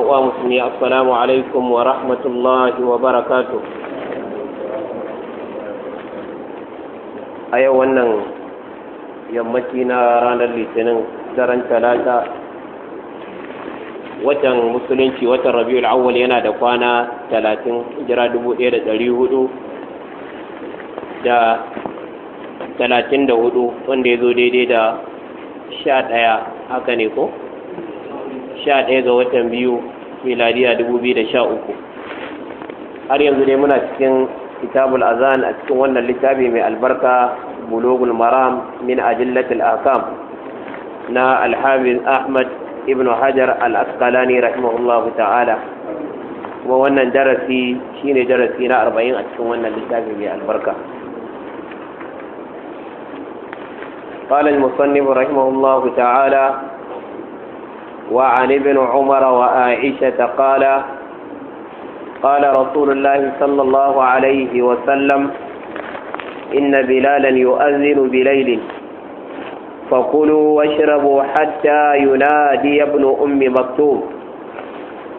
uwa musulmi assalamu alaikum wa rahmatullahi wa barakatu a yau wannan yammaci na ranar litinin daren talata watan musulunci watan Rabi'u awwal yana da kwana talatin jira dubu ɗaya da ɗari hudu da talatin da hudu wanda ya zo daidai da sha ɗaya haka ne ko sha ɗaya ga watan biyu miladiya uku. har yanzu ne muna cikin kitabul azan a cikin wannan littafi mai albarka bulogul maram min ajillatil akam na alhamis ahmad ibn hajar al-asqalani rahimahullahu ta'ala kuma wannan darasi shine darasi na arba'in a cikin wannan littafi mai albarka قال المصنف رحمه الله تعالى وعن ابن عمر وعائشة قال قال رسول الله صلى الله عليه وسلم إن بلالا يؤذن بليل فكلوا واشربوا حتى ينادي ابن أم مكتوب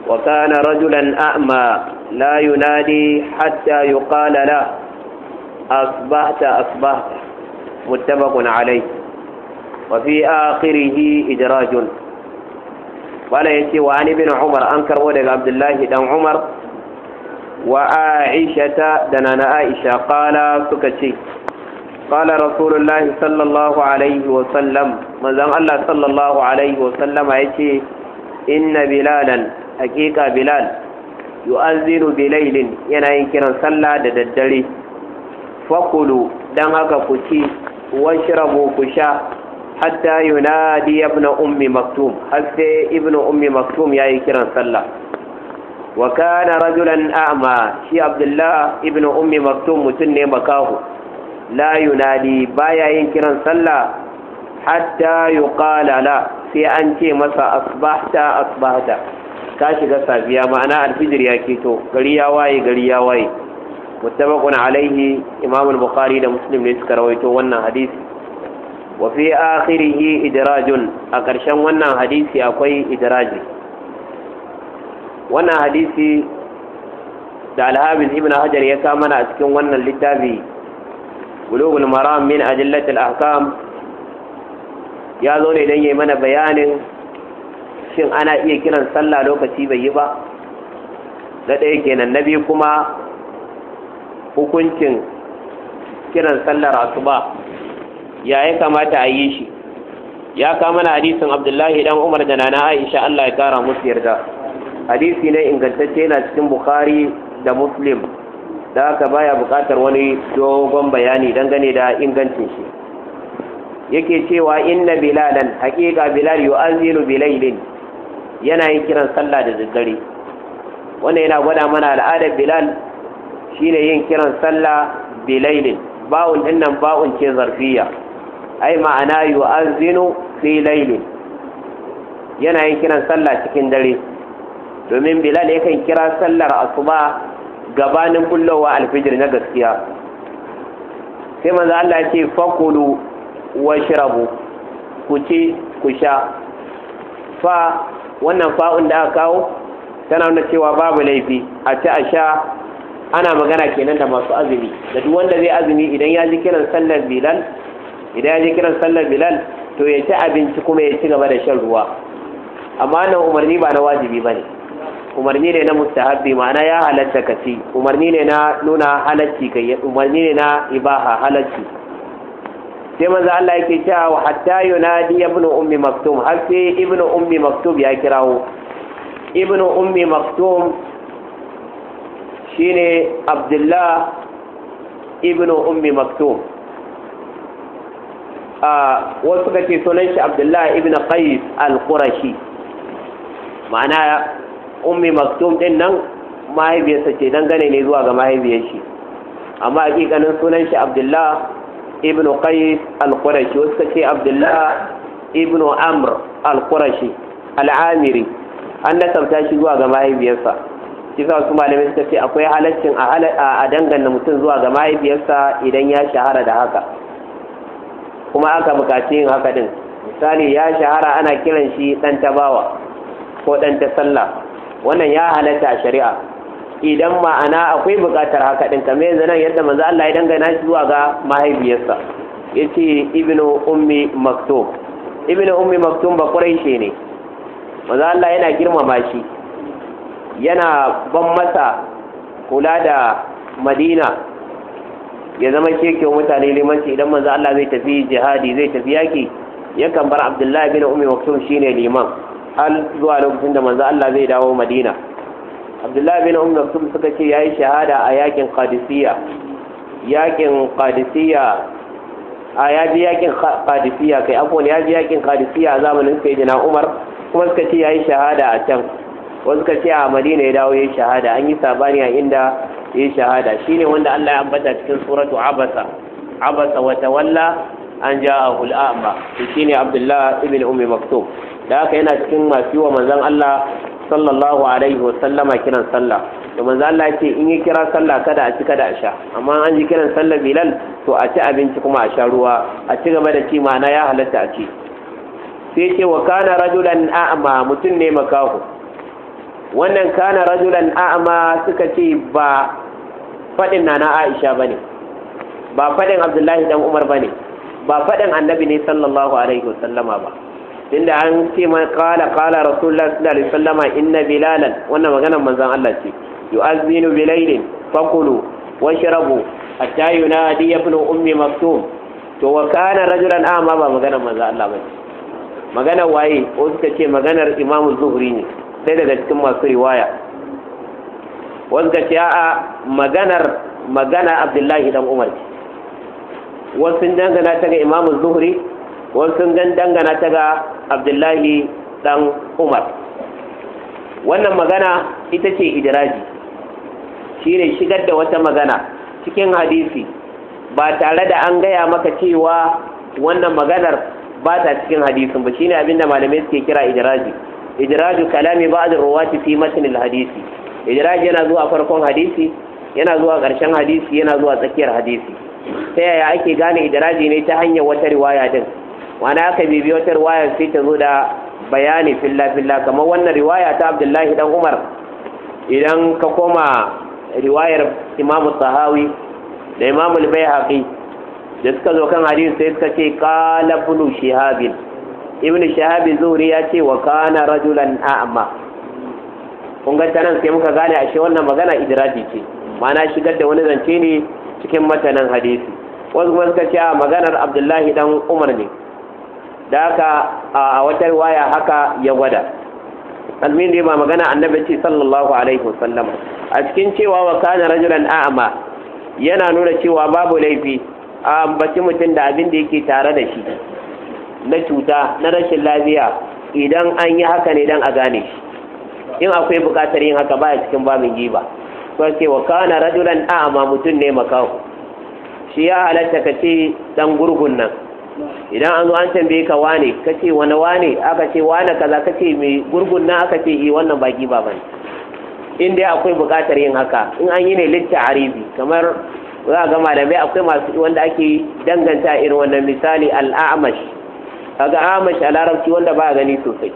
وكان رجلا أعمى لا ينادي حتى يقال له أصبحت أصبحت متفق عليه وفي آخره إدراج bala ya ce wa an umar an karɓo daga abdullahi ɗan umar wa aishata da nana aisha kala suka ce kala rasulullahi sallallahu alaihi wa sallam manzon Allah sallallahu alaihi wa sallama yace inna bilalan hakika bilal yu'azzinu bilailin yana yin kiran sallah da daddare fakulu dan haka ku ci washrabu ku sha hatta yunadi ibn ummi maktum har sai ibn ummi maktum yayi kiran sallah wa kana rajulan a'ma shi abdullah ibn ummi maktum mutun ne makahu la yunadi baya yin kiran sallah hatta yuqala la sai an ce masa asbahta asbahta ka shiga safiya ma'ana alfijir ya keto gari ya waye gari ya waye muttafaqun alaihi imam al-bukhari da muslim ne suka rawaito wannan hadisi wa fi akhirihi idrajun a ƙarshen wannan hadisi akwai idraji wannan hadisi da Alhamis ibn hajar ya kama mana a cikin wannan littafi bulugul maram min ajillatul ahkam ya zo ne don yi mana bayanin shin ana iya kiran sallah lokaci bai yi ba na ɗaya kenan na biyu kuma hukuncin kiran sallar asuba ya ya kamata a yi shi ya kama na hadisin abdullahi dan umar da nana aisha allah ya kara musu yarda hadisi ne ingantacce yana cikin bukhari da muslim da haka baya bukatar wani dogon bayani dangane da ingancin shi yake cewa inna bilalan haƙiƙa bilal yu'azzinu bilailin yana yin kiran sallah da daddare wannan yana gwada mana al'adar bilal shine yin kiran sallah bilailin ba'un dinnan ba'un ce zarfiya ai ma'ana yu'azzinu fi laili yana yin kiran sallah cikin dare domin bilal yakan kira sallar asuba gabanin bullowa alfijir na gaskiya sai manzo Allah ce fakulu washrabu ku ci ku sha fa wannan fa'un da aka kawo tana nuna cewa babu laifi a ci a sha ana magana kenan da masu azumi da duk wanda zai azumi idan ya ji kiran sallar bilal idan ya je kiran sallar bilal to ya ci abinci kuma ya ci gaba da shan ruwa amma nan umarni ba na wajibi ba ne umarni ne na mustahabbi ma'ana ya halatta ka ci umarni ne na nuna halacci kai umarni ne na ibaha halacci sai maza Allah yake cewa hatta yunadi ibnu ummi maktum har sai ibn ummi maktum ya kirawo ibn ummi maktum shine abdullah ibnu ummi maktum wasu suka ce sunan shi abdullahi ibn qais al-qurashi ma'ana ummi maktum din nan mahaifiyarsa ce dangane ne zuwa ga mahaifiyar shi amma hakikanin sunan shi abdullahi ibn qais al-qurashi wasu suka ce abdullahi ibn amr al-qurashi al-amiri an nasabta shi zuwa ga mahaifiyarsa shi sa su malamai suka ce akwai halaccin a danganna mutum zuwa ga mahaifiyarsa idan ya shahara da haka kuma aka bukaci yin haka din misali ya shahara ana kiran shi dan tabawa ko dan ta sallah wannan ya halatta a shari'a idan ma'ana akwai bukatar haka din kamar yanzu nan yadda manzo Allah ya dangana shi zuwa ga mahaifiyarsa yace ibnu ummi maktum ibnu ummi maktum ba quraishi ne manzo Allah yana girmama shi yana ban masa kula da madina ya zama kekewa mutane limanci idan manzo Allah zai tafi jihadi zai tafi yaki yakan bar Abdullahi bin Ummi Maktum shine liman hal zuwa lokacin da manzo Allah zai dawo Madina Abdullahi bin Ummi Maktum suka ce yayi shahada a yakin Qadisiyya yakin Qadisiyya a yaji yakin Qadisiyya kai afwan yaji yakin Qadisiyya a zamanin Sayyidina Umar kuma suka ce yayi shahada a can wasu suka ce a Madina ya dawo yayi shahada an yi sabani a inda yi shahada shi ne wanda Allah ya ambata cikin suratu abasa abasa wa tawalla an ja'ahu al-a'ma ne Abdullahi ibn Ummi Maktum da haka yana cikin masu wa manzan Allah sallallahu alaihi wa sallama kiran sallah da manzon Allah ce in yi kira sallah kada a ci kada a sha amma an ji kiran sallah Bilal to a ci abinci kuma a sha ruwa a ci gaba da ci ma'ana ya halatta a ci sai ce wa kana rajulan a'ma mutum ne makaho wannan kana rajulan a'ma suka ce ba faɗin na na aisha ba ne ba faɗin abdullahi dan umar ba ne ba faɗin annabi ne sallallahu alaihi wasallama ba tunda an ce man kala kala rasulullah sallallahu alaihi wasallama inna bilalan wannan maganar manzon Allah ce yu'azzinu bilailin fakulu washrabu hatta yunadi ibn ummi maktum to wa kana rajulan a'ma ba maganar manzon Allah ba maganar waye ko suka ce maganar imamu zuhri ne sai daga cikin masu riwaya wanda ce a'a maganar magana abdullahi dan umar wasu dangana ta ga imamu zuhri wasu dangana ta ga abdullahi dan umar wannan magana ita ce idiraji shi ne shigar da wata magana cikin hadisi ba tare da an gaya maka cewa wannan maganar ba ta cikin hadisin ba shine abinda malamai suke kira idiraji idraju kalami ba'd ruwati fi matn al hadisi Idiraji yana zuwa farkon hadisi yana zuwa ƙarshen hadisi yana zuwa tsakiyar hadisi ta yaya ake gane idiraji ne ta hanyar wata riwaya din wani aka bibi wata riwaya sai ta zo da bayani filla filla kamar wannan riwaya ta abdullahi dan umar idan ka koma riwayar imamu sahawi da imamu al-bayhaqi da suka zo kan hadisi sai suka ce qala bulu, shihab ibn shihab zuri ya ce wa kana rajulan a'ma kun ganta nan sai muka gane ashe wannan magana idraji ce ma'ana shigar da wani zance ne cikin matanan hadisi wasu kuma suka ce a maganar abdullahi dan umar ne da haka a wata waya haka ya gwada almin dai ba magana annabi ce sallallahu alaihi wasallam a cikin cewa wa kana rajulan a'ma yana nuna cewa babu laifi a ambaci mutum da abin da yake tare da shi na cuta na rashin lafiya idan an yi haka ne dan a gane shi in akwai buƙatar yin haka baya cikin babin giba kuma ce wa kana rajulan a'ma mutum ne makaho shi ya halatta ka ce dan gurgun nan idan an zo an tambaye ka wane ka ce wani wane aka ce wane kaza ka ce mai gurgun nan aka ce eh wannan ba giba bane in dai akwai buƙatar yin haka in an yi ne litta aribi kamar za ga malamai akwai masu wanda ake danganta irin wannan misali al'amash kaga amash a larabci wanda ba gani sosai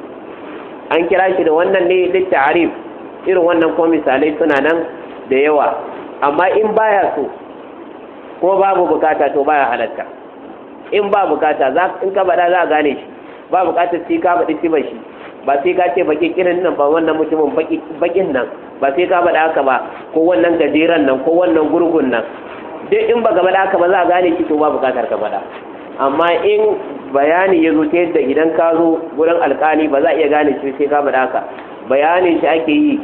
an kira shi da wannan ne duk ta'arif irin wannan ko misalai suna nan da yawa amma in baya so ko babu bukata to baya halatta in ba bukata za in ka bada za a gane shi ba bukata sai ka bada shi shi ba sai ka ce baki kirin nan ba wannan mutumin bakin nan ba sai ka bada haka ba ko wannan gajeren nan ko wannan gurgun nan duk in ba ga bada haka ba za a gane shi to ba bukatar ka bada amma in bayani ya zo ta yadda idan ka zo gurin alkali ba za a iya gane shi sai ka faɗa ka bayanin shi ake yi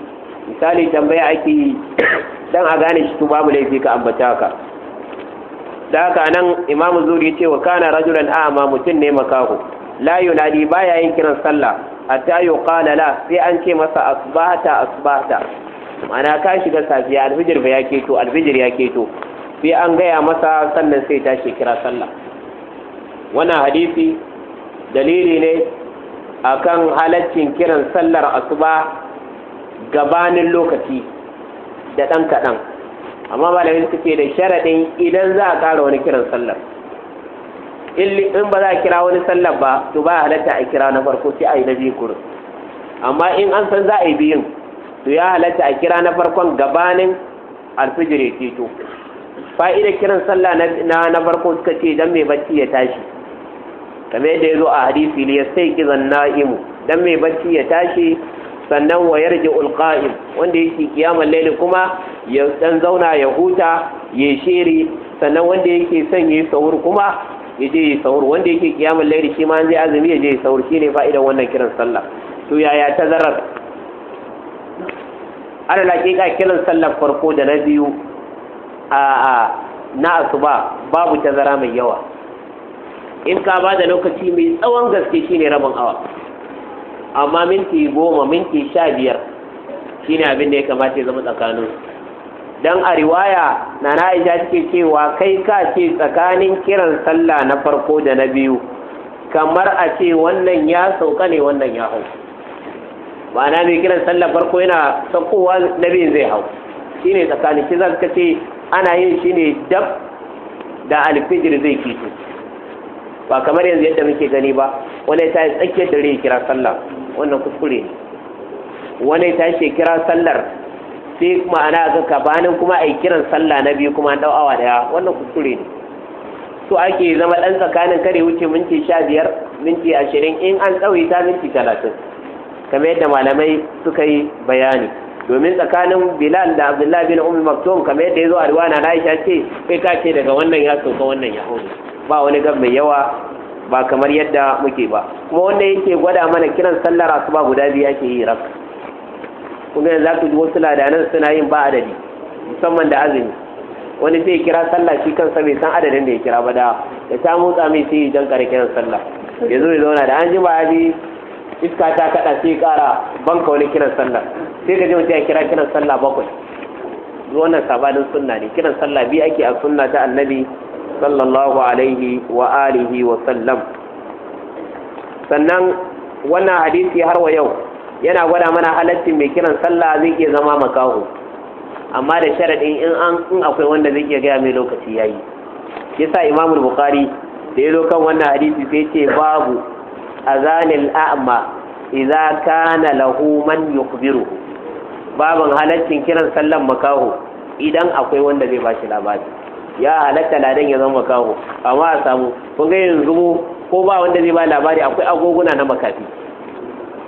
misali tambaya ake yi dan a gane shi to babu laifi ka ambata ka. da haka nan imam zuri ce wa kana rajulan a'ma mutum ne makaho la yunadi baya yin kiran sallah hatta yuqala la sai an ce masa asbahata asbahata ma'ana ka shiga safiya alfijir ba ya keto alfijir ya keto sai an gaya masa sannan sai tashi kira sallah wannan hadisi dalili ne akan halaccin kiran sallar asuba gabanin lokaci da ɗan kaɗan amma malamin suke da sharaɗin idan za a ƙara wani kiran sallar in ba za a kira wani sallar ba to ba halatta a kira na farko sai a yi na biyu kurin amma in an san za a yi biyun to ya halatta a kira na farkon gabanin alfijir ya to fa'idar kiran sallah na farko suka ce don mai bacci ya tashi kamar yadda ya zo a hadisi ya sai ki na'imu dan mai bacci ya tashi sannan wa yarji ulqa'im wanda yake kiyamar laili kuma ya dan zauna ya huta ya shiri sannan wanda yake son yi sahur kuma ya je yi sahur wanda yake kiyamar laili shi ma zai azumi ya je yi sahur shine fa'idan wannan kiran sallah to yaya tazarar ana laƙiƙa kiran sallar farko da na biyu a na asuba babu tazara mai yawa in ka ba da lokaci mai tsawon gaske shine rabin awa amma minti goma minti sha biyar shine abin da ya kamata ya zama tsakanin dan a riwaya na na'ija take cewa kai ka ce tsakanin kiran sallah na farko da na biyu kamar a ce wannan ya sauka ne wannan ya hau ma'ana mai kiran sallah farko yana saukowa na biyun zai hau shine tsakanin shi ka ce ana yin shine dab da alfijir zai kito ba kamar yanzu yadda muke gani ba wani ta yi tsakiyar dare ya kira sallah wannan kuskure ne wani ta ce kira sallar sai ma'ana ga kabanin kuma a yi kiran sallah na biyu kuma an ɗau awa daya wannan kuskure ne so ake zama ɗan tsakanin kare wuce minti sha biyar minti ashirin in an ta minti talatin kamar yadda malamai suka yi bayani domin tsakanin bilal da abdullahi bin umar maktum kamar yadda ya zo a riwana na aisha ce kai ka ce daga wannan ya sauka wannan ya hau ba wani gab mai yawa ba kamar yadda muke ba kuma wanda yake gwada mana kiran sallar asuba guda biyu ake yi rak kuma yanzu ku ji wasu ladanan suna yin ba adadi musamman da azumi wani sai kira sallah shi kansa bai san adadin da ya kira ba da ya ta motsa mai sai jan kare kiran sallah ya zo ya zauna da an ji ba iska ta kaɗa sai kara banka wani kiran sallah sai ka ji mutum ya kira kiran sallah bakwai wannan sabanin sunna ne kiran sallah biyu ake a sunna ta annabi sallallahu alaihi wa alihi wa sallam sannan wannan hadisi har wa yau yana gwada mana halaccin mai kiran sallah zai iya zama makaho amma da sharaɗin in an in akwai wanda zai iya gaya mai lokaci yayi yasa imamu bukhari da ya kan wannan hadisi sai ce babu azanil a'ma idza kana lahu man yukhbiru baban halaccin kiran sallan makaho idan akwai wanda zai bashi labari ya halatta ladan ya zama kawo amma a samu kun ga yanzu mu ko ba wanda zai ba labari akwai agoguna na makafi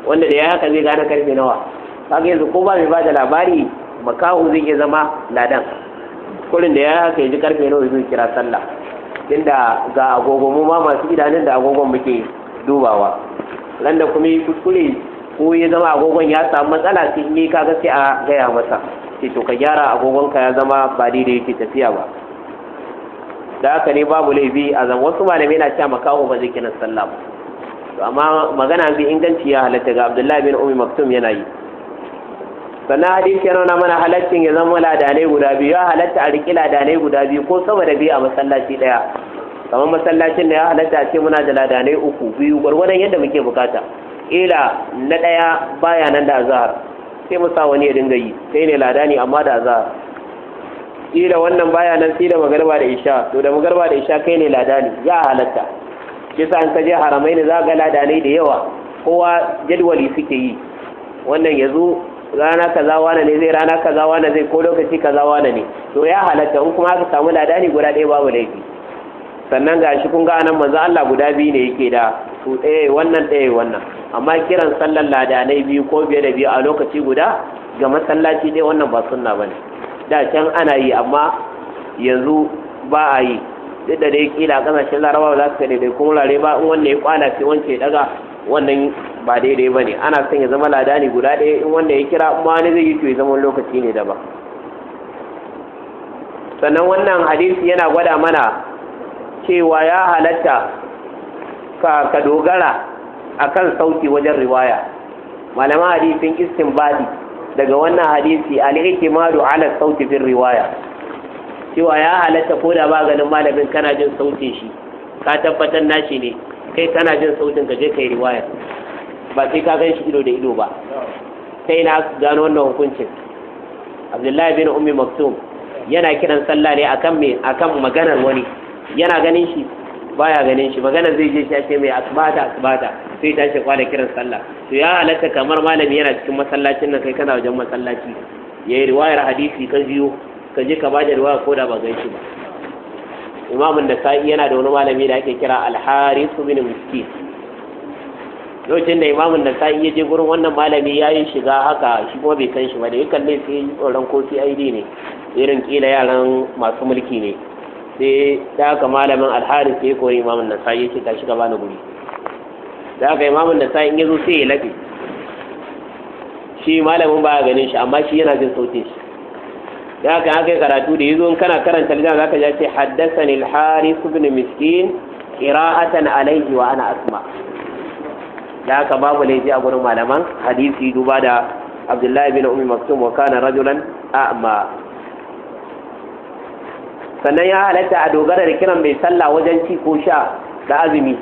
wanda da ya haka zai gane karfe nawa kaga yanzu ko ba mai ba da labari makahu zai iya zama ladan kurin da ya haka yaji ji karfe nawa zai kira sallah inda ga agogo mu ma masu idanun da agogon muke dubawa da kuma yi kuskure ko ya zama agogon ya samu matsala sai in yi kaga sai a gaya masa sai to ka gyara agogon ka ya zama ba daidai yake tafiya ba da haka ne babu laifi a zan wasu malamai na cewa makaho ba zai kina sallah to amma magana bi inganci ya halatta ga Abdullahi bin Ummi Maktum yana yi sannan hadisi ya nuna mana halaccin ya zama ladanai guda biyu ya halatta a riƙi ladanai guda biyu ko sama da biyu a masallaci ɗaya kamar masallacin da ya halatta a ce muna da ladanai uku biyu gwargwadon yadda muke bukata ila na ɗaya baya nan da azahar sai mu sa wani ya dinga yi sai ne ladani amma da azahar kila wannan baya nan sai da magarba da isha to da magarba da isha kai ne ladani ya halatta shi sa an kaje haramai ne za ga ladanai da yawa kowa jadwali suke yi wannan ya zo rana kaza wani ne zai rana kaza wani zai ko lokaci kaza wani ne to ya halatta in kuma aka samu ladani guda ɗaya babu laifi sannan ga shi kun ga anan manzo Allah guda biyu ne yake da su ɗaya wannan ɗaya wannan amma kiran sallar ladanai biyu ko biye da biyu a lokaci guda ga masallaci ɗaya wannan ba sunna bane da can ana yi amma yanzu ba a yi duk da dai kila kasashen larabawa za su ka daidai kuma lare ba in wanda ya kwana sai wance ya daga wannan ba daidai ba ne ana son ya zama ne guda ɗaya in wanda ya kira in wani zai yi to ya zama lokaci ne daban sannan wannan hadisi yana gwada mana cewa ya halatta ka ka dogara akan sauki wajen riwaya malaman hadisin istinbadi daga wannan hadisi al-hikmatu ala sauti bin riwaya cewa ya halatta ko da ba ganin malamin kana jin sautin shi ka tabbatar nashi ne kai kana jin sautin ka je kai riwaya ba sai ka gan shi ido da ido ba sai na gano wannan hukuncin abdullahi bin ummi maktum yana kiran sallah ne akan akan maganar wani yana ganin shi baya ganin shi magana zai je shi mai asbata asbata sai ta tashi kwana kiran sallah to ya halatta kamar malami yana cikin masallacin nan kai kana wajen masallaci yayi riwayar hadisi ka biyo ka je ka ba da riwaya ko da ba shi ba imamun da sa'i yana da wani malami da ake kira al-harith bin miskin lokacin da imamun da sa'i ya je gurin wannan malami ya yi shiga haka shi kuma bai san shi ba da yakan ne sai tsoron ko CID ne irin kila yaran masu mulki ne sai da haka malamin alharis ya kori imamun nasa'i yake tashi shiga bani guri da haka imamun sa in yazo sai ya lafi shi malamin ba ganin shi amma shi yana jin sautin shi da aka haka karatu da yazo in kana karanta lidan zaka ji ce haddathani alharis ibn miskin qira'atan alayhi wa ana asma da aka babu laifi a gurin malaman hadisi duba da Abdullahi bin Ummi Maktum wa kana rajulan a'ma sannan ya halatta a dogara da kiran mai sallah wajen ci ko sha da azumi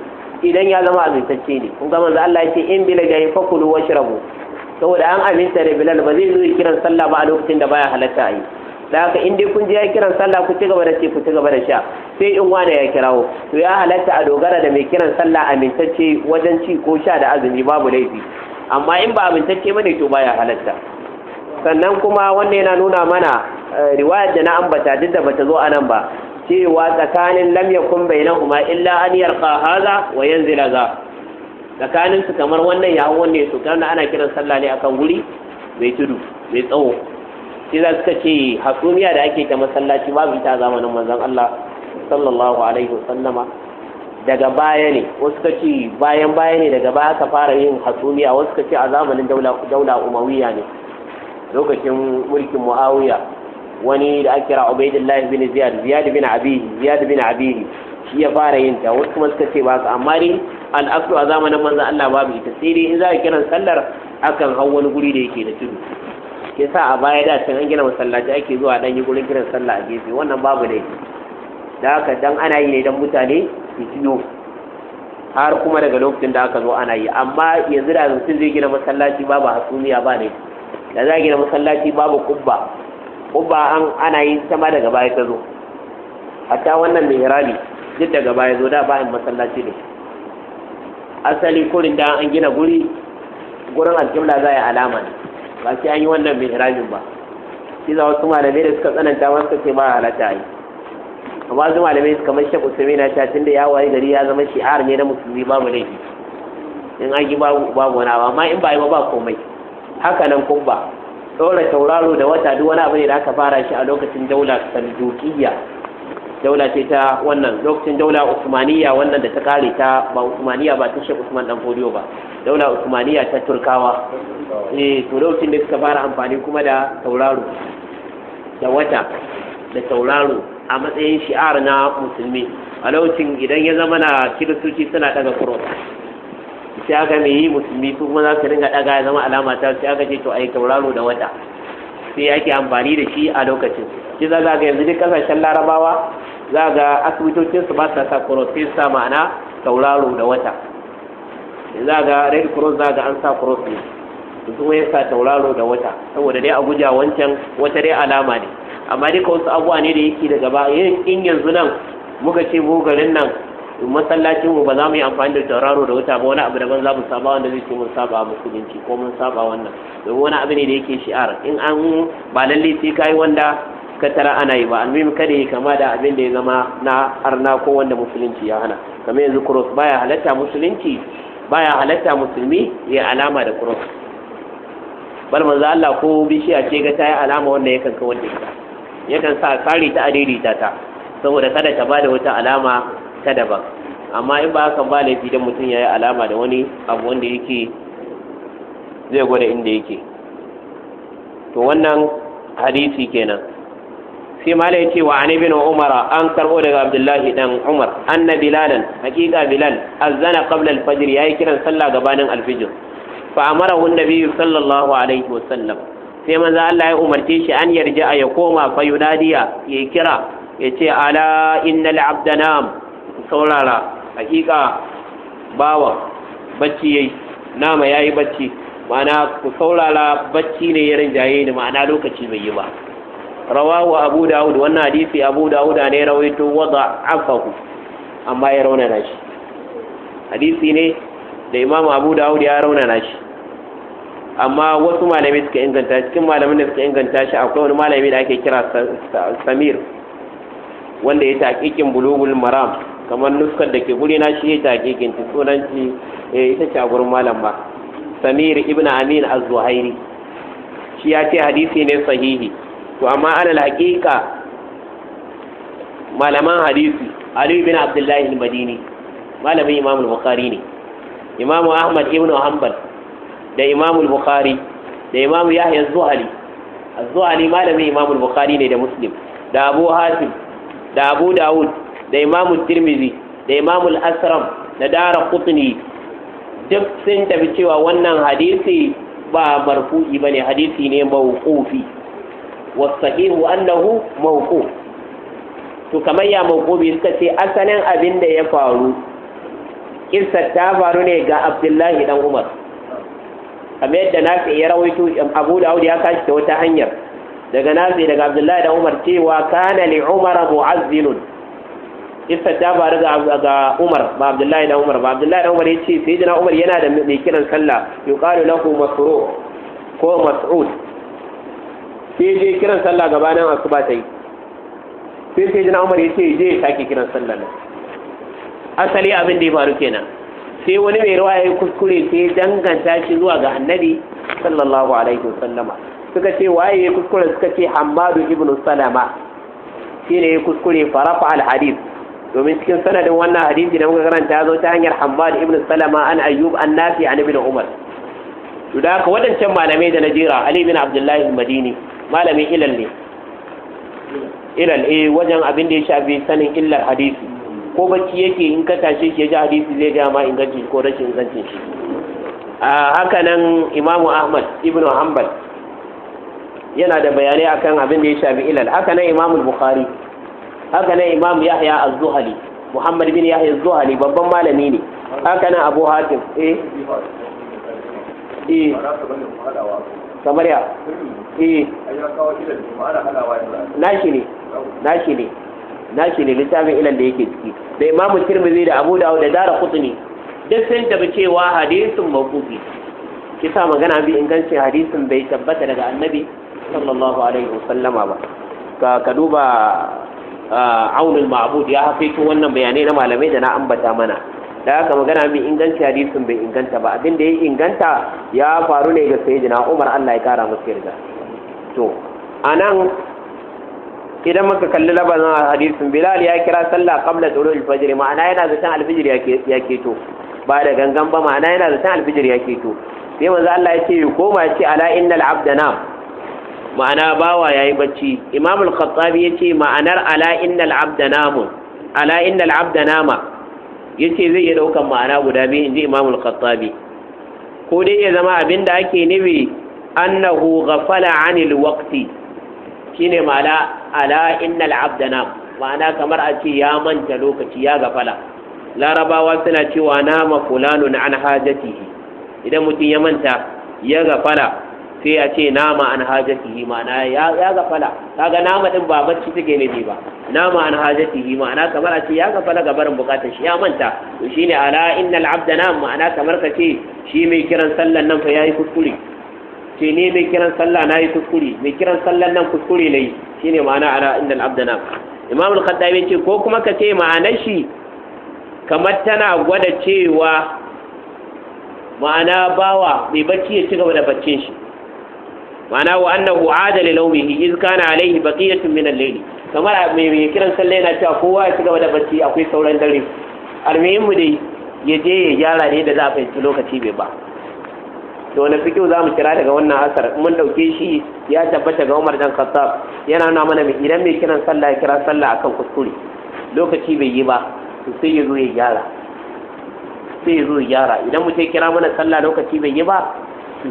idan ya zama azumtacce ne kun ga manzo Allah ya ce in bila jahi fakulu washrabu saboda an aminta da bilal ba zai zo kiran sallah ba a lokacin da baya halatta a yi da haka in dai kun je ya kiran sallah ku ci gaba da ce ku ci gaba da sha sai in wane ya kirawo to ya halatta a dogara da mai kiran sallah amintacce wajen ci ko sha da azumi babu laifi amma in ba amintacce bane to baya halatta sannan kuma wannan yana nuna mana eh, riwayar da na ambata duk da bata zo a nan ba cewa tsakanin lam yakun bainahuma illa an yarqa hadha wa yanzila za tsakanin su kamar wannan ya wannan su kana ana kiran sallah ne akan guri mai tudu mai tsawo sai za suka ce hasumiya da ake ta masallaci babu ita zamanin manzon Allah sallallahu alaihi wasallama daga baya ne wasu ka ce bayan baya ne daga baya aka fara yin hasumiya wasu ka ce a zamanin daula umawiya ne lokacin mulkin muawiya wani da ake kira ubaidillahi bin ziyad ziyad bin abihi ziyad bin abihi shi ya fara yin ta wasu kuma suka ce ba su amma dai al'asu a zamanin manzan Allah babu ita sai dai in za a kiran sallar akan hau wani guri da yake da tudu ke sa a baya da can an gina masallaci ake zuwa dan yi gurin kiran sallah a gefe wannan babu ne da haka dan ana yi ne dan mutane su tuno har kuma daga lokacin da aka zo ana yi amma yanzu da mutum zai gina masallaci babu hasumiya ba ne da za a gina masallaci babu kubba kubba an ana yi sama daga baya ta zo hatta wannan mihrali duk daga baya zo da bayan masallaci ne asali kurin da an gina guri gurin aljimla za a yi alama ne ba sai an yi wannan mihralin ba shi za wasu malamai da suka tsananta wasu ce ba halatta yi amma wasu malamai suka mai shaƙu su na ta da ya waye gari ya zama shi'ar ne na musulmi babu laifi in an yi babu wani abu amma in ba yi ba ba komai haka nan kubba ɗora tauraro da wata duk wani abu ne da aka fara shi a lokacin daula saljukiya daula ce ta wannan lokacin daula usmaniya wannan da ta kare ta ba usmaniya ba ta shek usman dan foliyo ba daula usmaniya ta turkawa eh to lokacin da suka fara amfani kuma da tauraro da wata da tauraro a matsayin shi'ar na musulmi a lokacin idan ya zama na kiristoci suna daga kuros sai aka me yi musulmi su kuma za su ringa ɗaga ya zama alama ta sai aka ce to a yi tauraro da wata sai ake amfani da shi a lokacin shi za ga yanzu duk kasashen larabawa za ga asibitocin su ba sa sa cross sai sa ma'ana tauraro da wata za ga red cross za ga an sa cross ne kuma ya sa tauraro da wata saboda dai a guja wancan wata dai alama ne amma duka wasu abuwa ne da yake daga ba in yanzu nan muka ce mu garin nan masallacin mu ba za mu yi amfani da tauraro da wuta ba wani abu daban za mu saba wanda zai ce mun saba musulunci ko mun saba wannan domin wani abu ne da yake shi'ar in an ba lalle sai kai wanda ka tara ana yi ba almuhim kada ya kama da abin da ya zama na arna ko wanda musulunci ya hana kamar yanzu cross baya halatta musulunci baya halatta musulmi ya alama da cross bal manzo Allah ko bishiya ce ga tayi alama wanda yakan kawar da ita yakan sa kare ta a ta ta saboda kada ta bada wata alama ta daban amma in ba haka ba laifi dan mutum yi alama da wani abu wanda yake zai gwada inda yake to wannan hadisi kenan sai mala yace wa an umar an karbo daga abdullahi dan umar anna bilalan haqiqa bilal azana qabla al-fajr yayi kiran sallah gabanin al-fajr fa amarahu an sallallahu alaihi wa sallam sai manzo Allah ya umarce shi an yarja ya koma fa yunadiya ya kira yace ala innal abda nam ku saurara hakika bawa bacci yayi nama yayi bacci ma'ana ku saurara bacci ne ya rinjaye ne, ma'ana lokaci bai yi ba rawahu abu daud wannan hadisi abu daud ne rawaito wada afahu amma ya raunana shi hadisi ne da imam abu daud ya raunana shi amma wasu malamai suka inganta cikin malamin da suka inganta shi akwai wani malami da ake kira samir wanda ya taƙiƙin bulugul maram kamar nuskar da ke guri na shi ya taƙiƙin ta sunanci eh, ita ce a gurin malam ba samir ibn amin az-zuhairi shi ya ce hadisi ne sahihi to amma ana haƙiƙa malaman hadisi ali bin abdullahi al-madini malamin imam al-bukhari ne imam ahmad ibn hanbal da imam al-bukhari da imam yahya az-zuhali az-zuhali malamin imam al-bukhari ne da muslim da abu hatim da abu dawud da imamu tirmizi da imamu asram da dara kutni duk sun tafi cewa wannan hadisi ba marfu'i ne, hadisi ne mawqufi wasahihu annahu mawquf to kamar ya mawqufi suka ce asalin abin da ya faru kissa ta faru ne ga Abdullahi dan Umar kamar yadda na ya rawaito Abu Dawud ya kashi ta wata hanyar daga nasi daga abdullahi da umar cewa kana li umar mu'azzinun isa ta faru ga umar ba abdullahi da umar ba abdullahi da umar ya ce sai jina umar yana da mai kiran sallah na ku masru ko mas'ud sai je kiran sallah gabanin ba ta yi sai sai jina umar ya ce je sake kiran sallah asali abin da ya faru kenan sai wani mai ruwa ya kuskure sai danganta shi zuwa ga annabi sallallahu alaihi wasallama suka ce waye ya kuskure suka ce hamadu Ibn salama ne ya kuskure farafa al domin cikin sanadin wannan hadisi da muka karanta ya zo ta hanyar hamad ibn salama an ayyub an nafi an ibn umar to da haka wadancan malamai da najira ali bin abdullahi madini malamin ilal ne ilal eh wajen abin da ya shafi sanin illar hadisi ko bacci yake in ka tashe shi ya ji hadisi zai ga ma inganci ko rashin ingancin shi a ah, hakanan nan imamu ahmad ibn hanbal yana da bayanai akan abin da ya shafi ilal haka nan imam bukhari haka nan imam yahya az-zuhali muhammad bin yahya az-zuhali babban malami ne haka nan abu hatim eh eh kamar ya eh nashi ne nashi ne nashi ne littafin ilal da yake ciki da imam tirmidhi da abu dawud da dara qutni duk sun tabi cewa hadisin mawqufi kisa magana bi ingancin hadisin bai tabbata daga annabi sallallahu alaihi wasallama ba ka ka duba aunul ma'bud ya hafaito wannan bayanai na malamai da na ambata mana da haka magana mai inganci hadisin bai inganta ba abin da ya inganta ya faru ne ga sayyidina Umar Allah ya kara masa yarda to anan idan muka kalli labarin hadisin Bilal ya kira sallah qabla tsulul fajr ma'ana yana zaton alfijir ya to. ba da gangan ba ma'ana yana zaton alfijir ya to. sai manzo Allah ya ce koma ce ala innal abda nam ma'ana bawa yayi bacci imam al-khattabi yace ma'anar ala innal abda namun ala innal abda nama yace zai iya daukan ma'ana guda biyu inji imam al-khattabi ko dai ya zama abinda ake nufi annahu ghafala anil waqti shine ma'ana ala innal abda nam ma'ana kamar a ce ya manta lokaci ya gafala larabawa suna cewa nama fulanun an hajatihi idan mutum ya manta ya gafala sai ya ce nama an hajjati ma'ana ya ya gafala kaga nama din ba bacci take ne ba nama an hima ma'ana kamar a ce ya gafala ga barin bukatar shi ya manta to shine ala innal abda nam ma'ana kamar ka ce shi mai kiran sallan nan fa yayi kuskure ce ne mai kiran sallah na yi kuskure mai kiran sallan nan kuskure ne shine ma'ana ala innal abda na imam al-khattabi ce ko kuma ka ce ma'anar shi kamar tana gwada cewa ma'ana bawa mai bacci ya ci gaba da baccin shi ma'ana wa annahu ada li nawmihi iz kana alayhi baqiyatun min al-layl kamar me me kiran sallah yana cewa kowa ya cigaba da bacci akwai sauran dare mu dai ya je ya gyara ne da za a fahimci lokaci bai ba to wani fikiu za mu kira daga wannan asar mun dauke shi ya tabbata ga Umar dan Khattab yana nuna mana idan mai kiran sallah ya kira sallah akan kuskure lokaci bai yi ba sai ya zo ya gyara sai ya zo ya gyara idan mutum kira mana sallah lokaci bai yi ba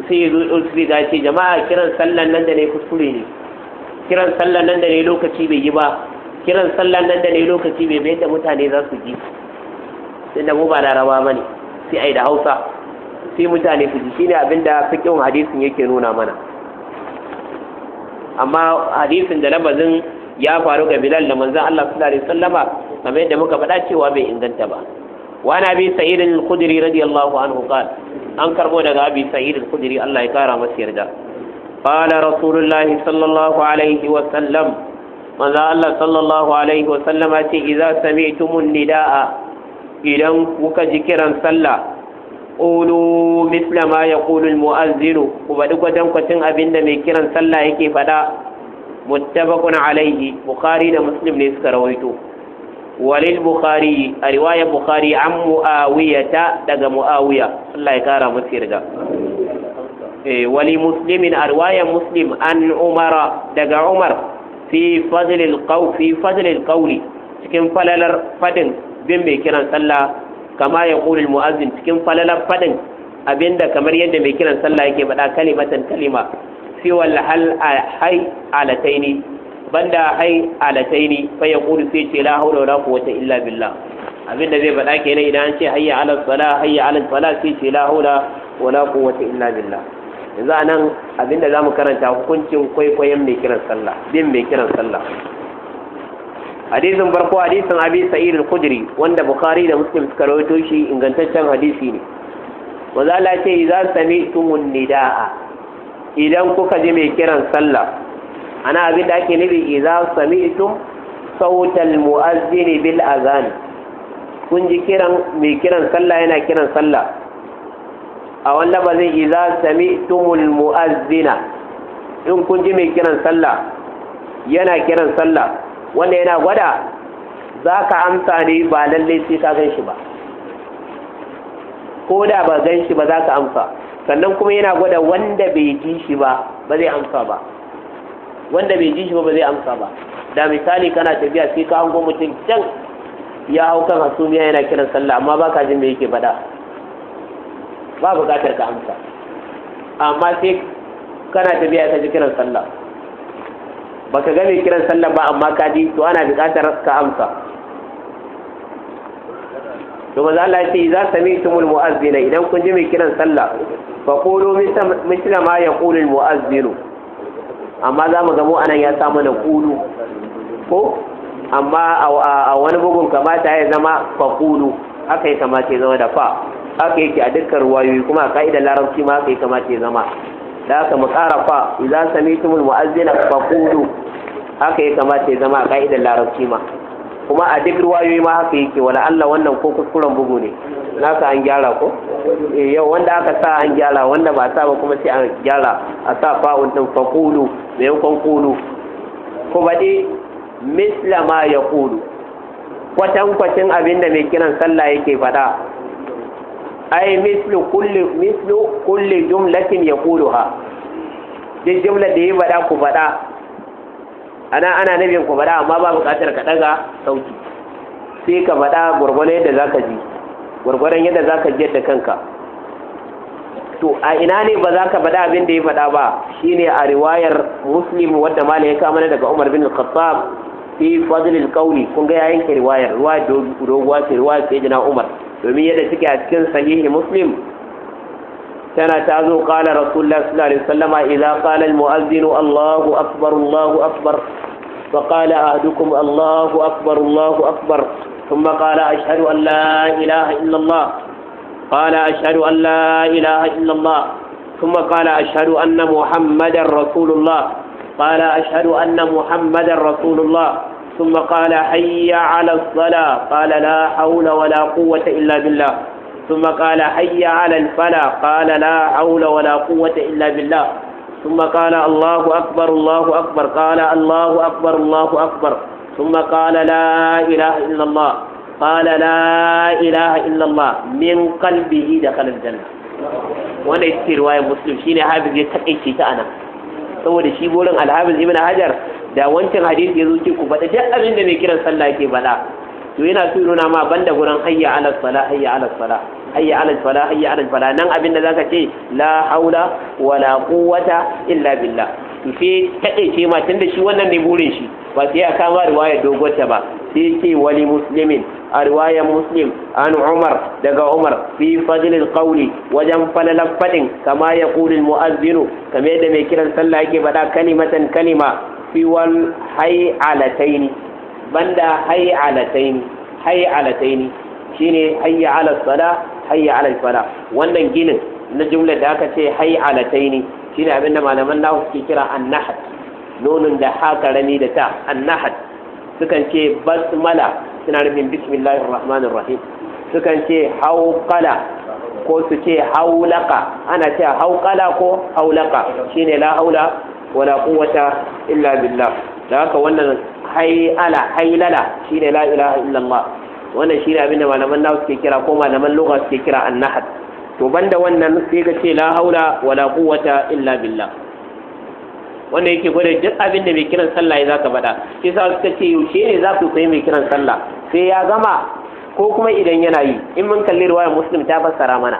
sai ya zo ɗauki zai ce jama'a kiran sallan nan da ne kuskure ne kiran sallan nan da ne lokaci bai yi ba kiran sallan nan da ne lokaci bai bai da mutane za su ji sai da mu ba laraba ba ne sai a yi da hausa sai mutane su ji shine abin da fiƙin hadisin yake nuna mana amma hadisin da lamazin ya faru ga bilal da manzon Allah sallallahu alaihi wasallama kamar yadda muka faɗa cewa bai inganta ba wa nabi sa'id al-khudri radiyallahu anhu qala an karbo daga abi sa'id al-khudri Allah ya kara masa yarda qala rasulullahi sallallahu alaihi wa sallam manzo Allah sallallahu alaihi wa sallam idza nidaa idan kuka ji kiran sallah qulu misla ma yaqulu al-mu'azzinu ku bada gwadan kwatin abinda mai kiran sallah yake fada muttafaqun alaihi bukhari da muslim ne suka rawaito walil bukhari a riwayar bukhari an mu'awiyata daga mu'awiya Allah ya kara musu yarda eh, wali muslimin a riwayar muslim an umara daga umar fi fadlil qawli cikin falalar fadin bin mai kiran sallah kama ya ƙulil mu'azzin cikin falalar fadin abinda kamar yadda mai kiran sallah yake faɗa kalimatan kalima fi wal hal alataini banda alatai alataini fa ya kudu sai ce la haula wala quwwata illa billah abin da zai faɗa kenan idan an ce hayya ala sala hayya ala sala sai ce la haula wala quwwata illa billah yanzu anan abin da zamu karanta hukuncin kwaikwayon mai kiran sallah din mai kiran sallah hadisin farko hadisin abi sa'id al-khudri wanda bukhari da muslim suka rawaito shi ingantaccen hadisi ne wanda Allah ce sami tumun nidaa idan kuka ji mai kiran sallah ana abin da ake nufi idza sami'tum sautal mu'azzini bil azan kun ji kiran mai kiran sallah yana kiran sallah a wanda ba zai idza sami'tumul mu'azzina in kun ji mai kiran sallah yana kiran sallah wanda yana gwada za ka amsa ne ba lallai sai ka gan shi ba ko da ba gan shi ba za ka amsa sannan kuma yana gwada wanda bai ji shi ba ba zai amsa ba wanda bai ji shi ba zai amsa ba da misali kana tafiya sai ka hango mutum can ya hau kan hasumiya yana kiran sallah amma ba ka jin me yake faɗa ba buƙatar ka amsa amma sai kana tafiya ka ji kiran sallah ba ga mai kiran sallah ba amma ka ji to ana buƙatar ka amsa to maza Allah ya ce mi tumul mu'azzina idan kun ji mai kiran sallah fa qulu mithla ma yaqulu al mu'azzinu amma za mu gamo anan ya samu na kulu ko amma a wani bugun kamata ya zama fa kulu aka yi kamata ya zama da fa aka yake a dukkan ruwayoyi kuma a ka'idar larabci ma aka yi kamata ya zama da aka mu ƙara fa idan sami tumul mu'azzina kulu? aka yi kamata ya zama a ka'idar larabci ma kuma a duk ruwayoyi ma haka yake wala Allah wannan ko kuskuren bugu ne naka an gyara ko eh yau wanda aka sa an gyara wanda ba sa ba kuma sai an gyara a sa fa'un din faqulu mai kon qulu ko dai misla ma ya yaqulu kwatan kwatin abinda mai kiran sallah yake fada ai mislu kulli mislu kulli jumlatin yaquluha duk jumla da ya fada ku fada ana ana nabin ku faɗa amma ba buƙatar ka ɗaga sauki sai ka faɗa gwargwaron yadda za ka ji gwargwaron yadda za ka ji da kanka to a ina ne ba za ka faɗa abin da ya faɗa ba shine a riwayar muslim wadda mala ya kama daga umar bin khattab fi fadlil qawli kun ga yayin riwayar riwayar doguwa ce riwayar sayyidina umar domin yadda suke a cikin sahihi muslim كان تعذو قال رسول الله صلى الله عليه وسلم إذا قال المؤذن الله أكبر الله أكبر فقال أهدكم الله أكبر الله أكبر ثم قال أشهد أن لا إله إلا الله قال أشهد أن لا إله إلا الله ثم قال أشهد أن محمد رسول الله قال أشهد أن محمد رسول الله ثم قال حي على الصلاة قال لا حول ولا قوة إلا بالله ثم قال حي على الفلا قال لا حول ولا قوة إلا بالله ثم قال الله أكبر الله أكبر قال الله أكبر الله أكبر ثم قال لا إله إلا الله قال لا إله إلا الله من قلبه دخل الجنة وانا يتكي رواية مسلم شيني حافظ يتقي شيء أنا saboda shi burin alhabis ibn hajar da wancan hadisi ya zuci ku faɗa duk abin da mai kiran sallah yake faɗa to yana so nuna ma banda gurin hayya ala sala hayya ala sala hayya ala sala hayya ala sala nan abin da zaka ce la haula wala quwwata illa billah to sai ce ma tunda shi wannan ne burin shi ba sai ya kama riwayar dogonta ba sai ce wali muslimin a riwayar muslim an umar daga umar fi fadilin qawli wajen falalan fadin kama ya qulul mu'azzinu kamar yadda mai kiran sallah yake faɗa kalimatan kalima fi wal hayalataini banda hayya alataini hayya alataini shine hayya ala sala hayya ala sala wannan ginin na jumla da aka ce hayya alataini shine abinda malaman nahu suke kira annahat nunun da haka rani da ta annahat sukan ce basmala suna rufin bismillahir rahmanir rahim sukan ce hauqala ko su ce haulaka ana cewa hauqala ko haulaka shine la haula wala quwwata illa billah da haka wannan hayala hailala shine la ilaha illallah wannan abin abinda malaman nawa suke kira ko malaman lugha suke kira annahad to banda wannan sai ka ce la haula wala quwwata illa billah wannan yake gwada duk abin da mai kiran sallah ya ka faɗa shi sa suka ce yaushe ne za ku koyi mai kiran sallah sai ya gama ko kuma idan yana yi in mun kalli riwayar muslim ta fassara mana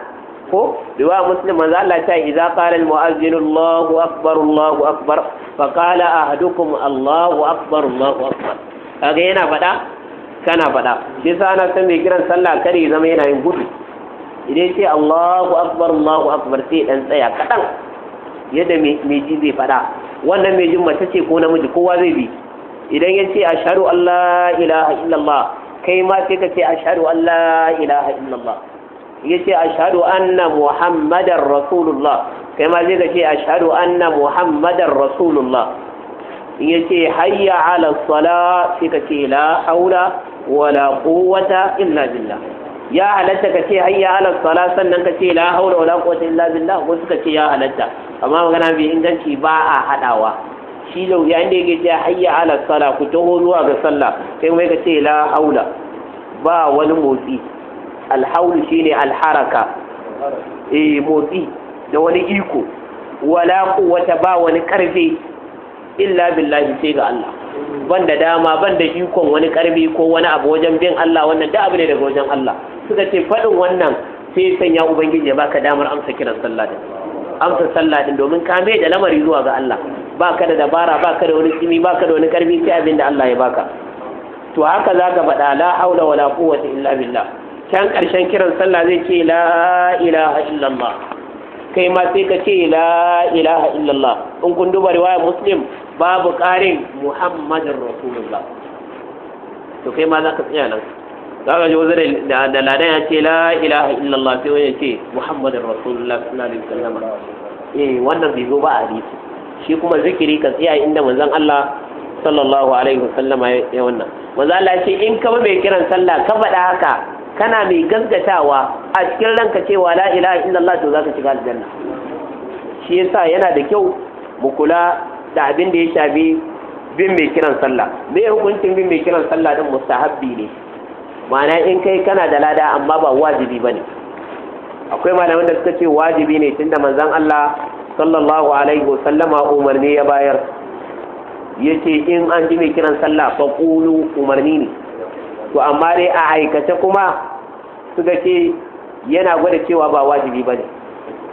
ko riwaya muslim manzo Allah ta idza qala al-mu'azzin Allahu akbar Allahu akbar fa qala ahadukum Allahu akbar Allahu akbar kaga yana faɗa kana faɗa shi yasa ana san mai kiran sallah kare zama yana yin gudu idan sai Allahu akbar Allahu akbar sai dan tsaya kadan yadda mai ji zai faɗa wannan mai ji mace ce ko namiji kowa zai bi idan ya ce ashhadu an la ilaha illallah kai ma sai ka ce ashhadu an la ilaha illallah yace ashhadu anna muhammadar rasulullah kai ma zai ce ashhadu anna muhammadar rasulullah yace hayya ala sala sai ka ce la haula wala quwwata illa billah ya halatta ka ce hayya ala sala sannan ka ce la haula wala quwwata illa billah wasu ka ce ya halatta amma magana bai inganci ba a hadawa shi da yayin da yake ce hayya ala sala ku taho zuwa ga sallah sai mai ka ce la haula ba wani motsi alhaulu shine alharaka eh motsi da wani iko wala quwwata ba wani karfi illa billahi sai ga Allah ban da dama ban da ikon wani karfi ko wani abu wajen bin Allah wannan da abu ne daga wajen Allah suka ce faɗin wannan sai sanya ubangiji ya baka damar amsa kiran sallah din amsa sallah din domin ka mai da lamari zuwa ga Allah baka da dabara baka da wani kimi baka da wani karfi sai abin da Allah ya baka to haka zaka faɗa la haula wala quwwata illa billah can ƙarshen kiran sallah zai ce la ilaha illallah kai ma sai ka ce la ilaha illallah in kun duba riwaya muslim babu ƙarin muhammadin rasulullah to kai ma za ka tsaya nan za ka ji wazirin da ladan ya ce la ilaha illallah sai wani ya ce muhammadin rasulullah sallallahu alaihi wasallam eh wannan bai zo ba a hadisi shi kuma zikiri ka tsaya inda manzon Allah sallallahu alaihi wasallama ya wannan manzon Allah ya ce in ka bai kiran sallah ka faɗa haka kana mai gasgatawa a cikin ranka cewa la ilaha illallah to zaka shiga aljanna shi yasa yana da kyau mu kula da abin da ya shafi bin mai kiran sallah me hukuncin bin mai kiran sallah din mustahabbi ne Mana in kai kana da lada amma ba wajibi bane akwai malaman da suka ce wajibi ne tunda manzon Allah sallallahu alaihi wasallama umarni ya bayar yace in an ji mai kiran sallah fa qulu umarni ne to amma dai a aikace kuma suka ce yana gwada cewa ba wajibi ba ne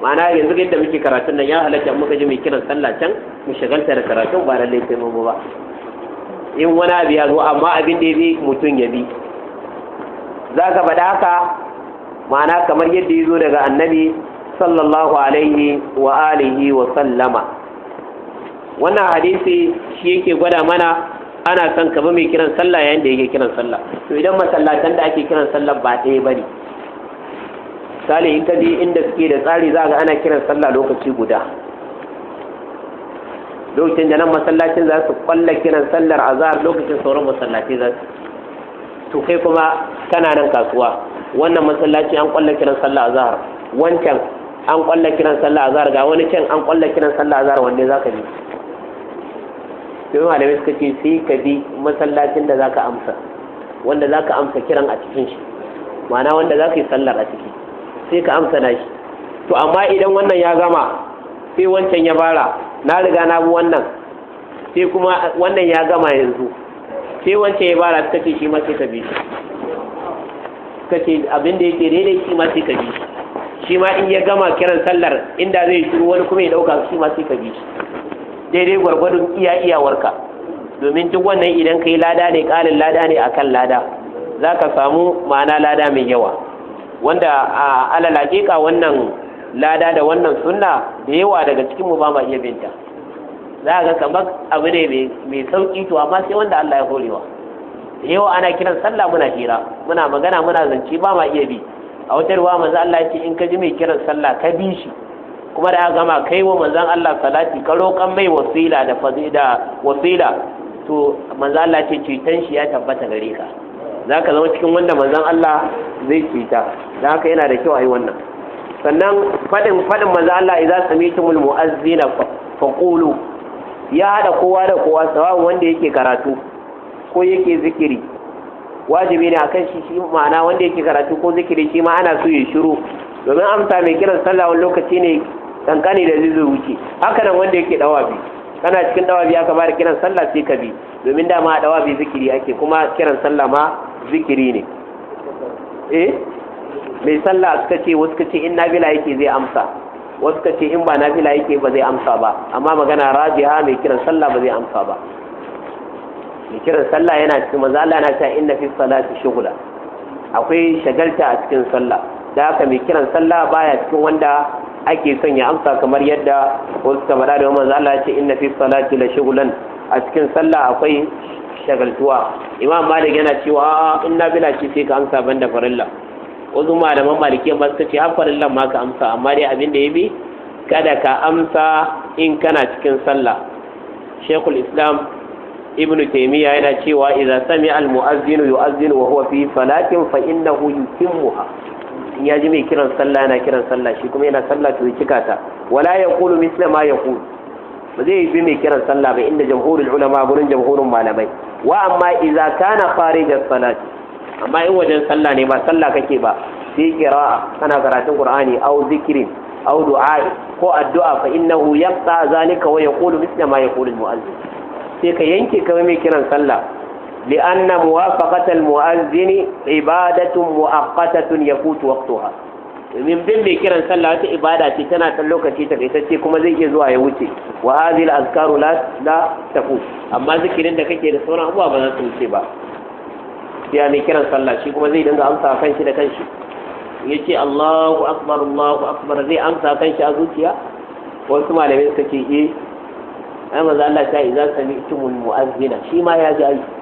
ma'ana yanzu yadda muke karatun nan ya halatta muka ji mai kiran sallah can mu shagalta da karatun ba lallai sai mu ba in wani abu ya zo amma abin da ya bi mutum ya bi za ka faɗa haka ma'ana kamar yadda ya zo daga annabi sallallahu alaihi wa alihi wa sallama wannan hadisi shi yake gwada mana ana son ka bi mai kiran sallah yayin da yake kiran sallah to idan masallatan da ake kiran sallah ba ɗaya ba ne in ka je inda suke da tsari za ga ana kiran sallah lokaci guda lokacin da nan masallacin za su kwalla kiran sallar azhar lokacin sauran masallaci za su to kai kuma kana nan kasuwa wannan masallaci an kwalla kiran sallar azhar wancan an kwalla kiran sallar azhar ga wani can an kwalla kiran sallar azhar wanne za ka bi domin malamai suka ce sai ka bi masallacin da zaka amsa wanda zaka amsa kiran a cikin shi ma'ana wanda zaka yi sallar a ciki sai ka amsa na shi to amma idan wannan ya gama sai wancan ya bara na riga na bi wannan sai kuma wannan ya gama yanzu sai wancan ya bara suka ce shi ma sai ka bi suka ce abin da yake daidai shi ma sai ka bi shi ma in ya gama kiran sallar inda zai shiru wani kuma ya dauka shi ma sai ka bi shi daidai gwargwadon iya iyawarka domin duk wannan idan kai lada ne kalin lada ne akan lada za ka samu ma'ana lada mai yawa wanda a alal wannan lada da wannan sunna da yawa daga cikin mu ba ma iya binta za ga kamar abu ne mai sauƙi to amma sai wanda Allah ya horewa da yawa ana kiran sallah muna hira muna magana muna zance ba ma iya bi a wata ruwa manzo Allah ya ce in ka ji mai kiran sallah ka bi shi kuma da gama kai wa manzan Allah salati ka roƙan mai wasila da fazida wasila to manzan Allah ce cutan shi ya tabbata gare ka zaka zama cikin wanda manzan Allah zai cuta da haka yana da kyau a yi wannan sannan fadin fadin manzan Allah idza samitumul mu'azzina qulu ya hada kowa da kowa sawa'un wanda yake karatu ko yake zikiri wajibi ne akan shi shi ma'ana wanda yake karatu ko zikiri shi ma ana so ya shiru domin amsa mai kiran sallah wani lokaci ne kankani da zai wuce haka nan wanda yake dawabi kana cikin dawabi aka da kiran sallah sai ka bi domin dama a dawabi zikiri ake kuma kiran sallah ma zikiri ne eh mai sallah suka ce wasu ka ce in nafila yake zai amsa wasu ka ce in ba nafila yake ba zai amsa ba amma magana rajiha mai kiran sallah ba zai amsa ba mai kiran sallah yana cikin maza Allah na cewa inna fi salati shughla akwai shagalta a cikin sallah da haka mai kiran sallah baya cikin wanda ake son ya amsa kamar yadda wasu kamar da manzo Allah ya ce inna fi salati la shughlan a cikin sallah akwai shagaltuwa imam malik yana cewa in na bila ce sai ka amsa banda farilla wasu malaman maliki ba suka ce har farillan ma ka amsa amma dai abin da ya bi kada ka amsa in kana cikin sallah shekul islam ibn taymiya yana cewa -Iza sami al mu'azzinu yu'azzinu wa huwa fi salatin in ya ji mai kiran sallah yana kiran sallah shi kuma yana sallah to ya ta wala yaqulu misla ma yaqulu ba zai bi mai kiran sallah ba inda jamhurul ulama gurin jamhurin malamai wa amma idza kana kharija salati amma in wajen sallah ne ba sallah kake ba sai qira'a kana karatun qur'ani au audu au du'a ko addu'a fa innahu yaqta zalika wa yaqulu misla ma yaqulu al mu'azzin sai ka yanke kamar mai kiran sallah لأن موافقة المؤذن عبادة مؤقتة يفوت وقتها min bin mai kiran sallah wata ibada ce tana ta lokaci ta kaitacce kuma zai iya zuwa ya wuce wa hazil la la tafu amma zikirin da kake da sauran abubuwa ba za su wuce ba sai mai kiran sallah shi kuma zai dinga amsa kan shi da kanshi ya ce Allahu akbar Allahu zai amsa kan shi a zuciya wasu malamai suka ce eh ai Allah ta shi ma ya ji aiki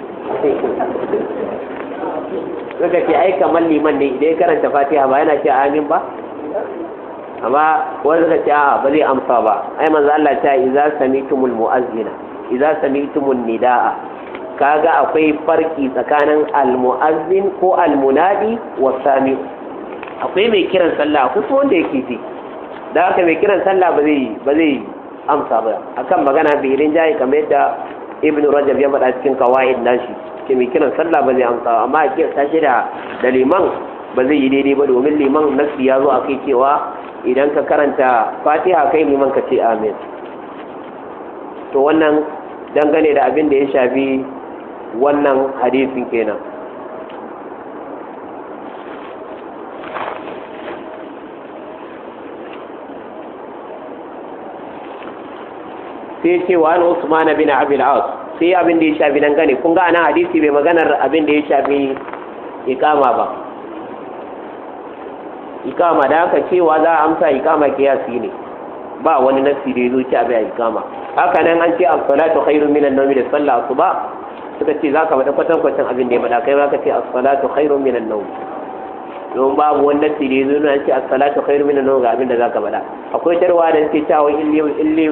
suka ce ai kamar liman ne idan ya karanta fatiha ba yana ce amin ba amma wanda suka ce a ba zai amsa ba ai manzo Allah ta idza sami'tumul mu'azzina idza sami'tumun nida'a kaga akwai farki tsakanin mu'azzin ko almunadi wa sami akwai mai kiran sallah ko kuma wanda yake ji da haka mai kiran sallah ba zai ba zai amsa ba akan magana bai rinjaye kamar yadda ibnu rajab ya faɗa cikin kawaid nashi ke mai kiran sallah ba zai amsa amma a kiyasta tashi da da liman ba zai yi daidai ba domin liman nasi ya zo a kai cewa idan ka karanta fatiha kai liman ka ce amin to wannan dangane da abin da ya shafi wannan hadisin kenan sai ce wa an usman bin Abi al aus sai abin da ya shafi nan gane kun ga anan hadisi bai maganar abin da ya shafi ikama ba ikama da aka ce wa za a amsa ikama kiyasi ne ba wani nafsi da ya zo ci abin ikama haka nan an ce as-salatu khairun minan nawmi da sallah asuba suka ce zaka faɗa kwatankwacin abin da ya faɗa kai ma ka ce as-salatu khairun minan nawmi don babu wannan tiri zo na ce as-salatu khairu minan nawm ga abin da zaka bada akwai tarwa da yake cewa illi illi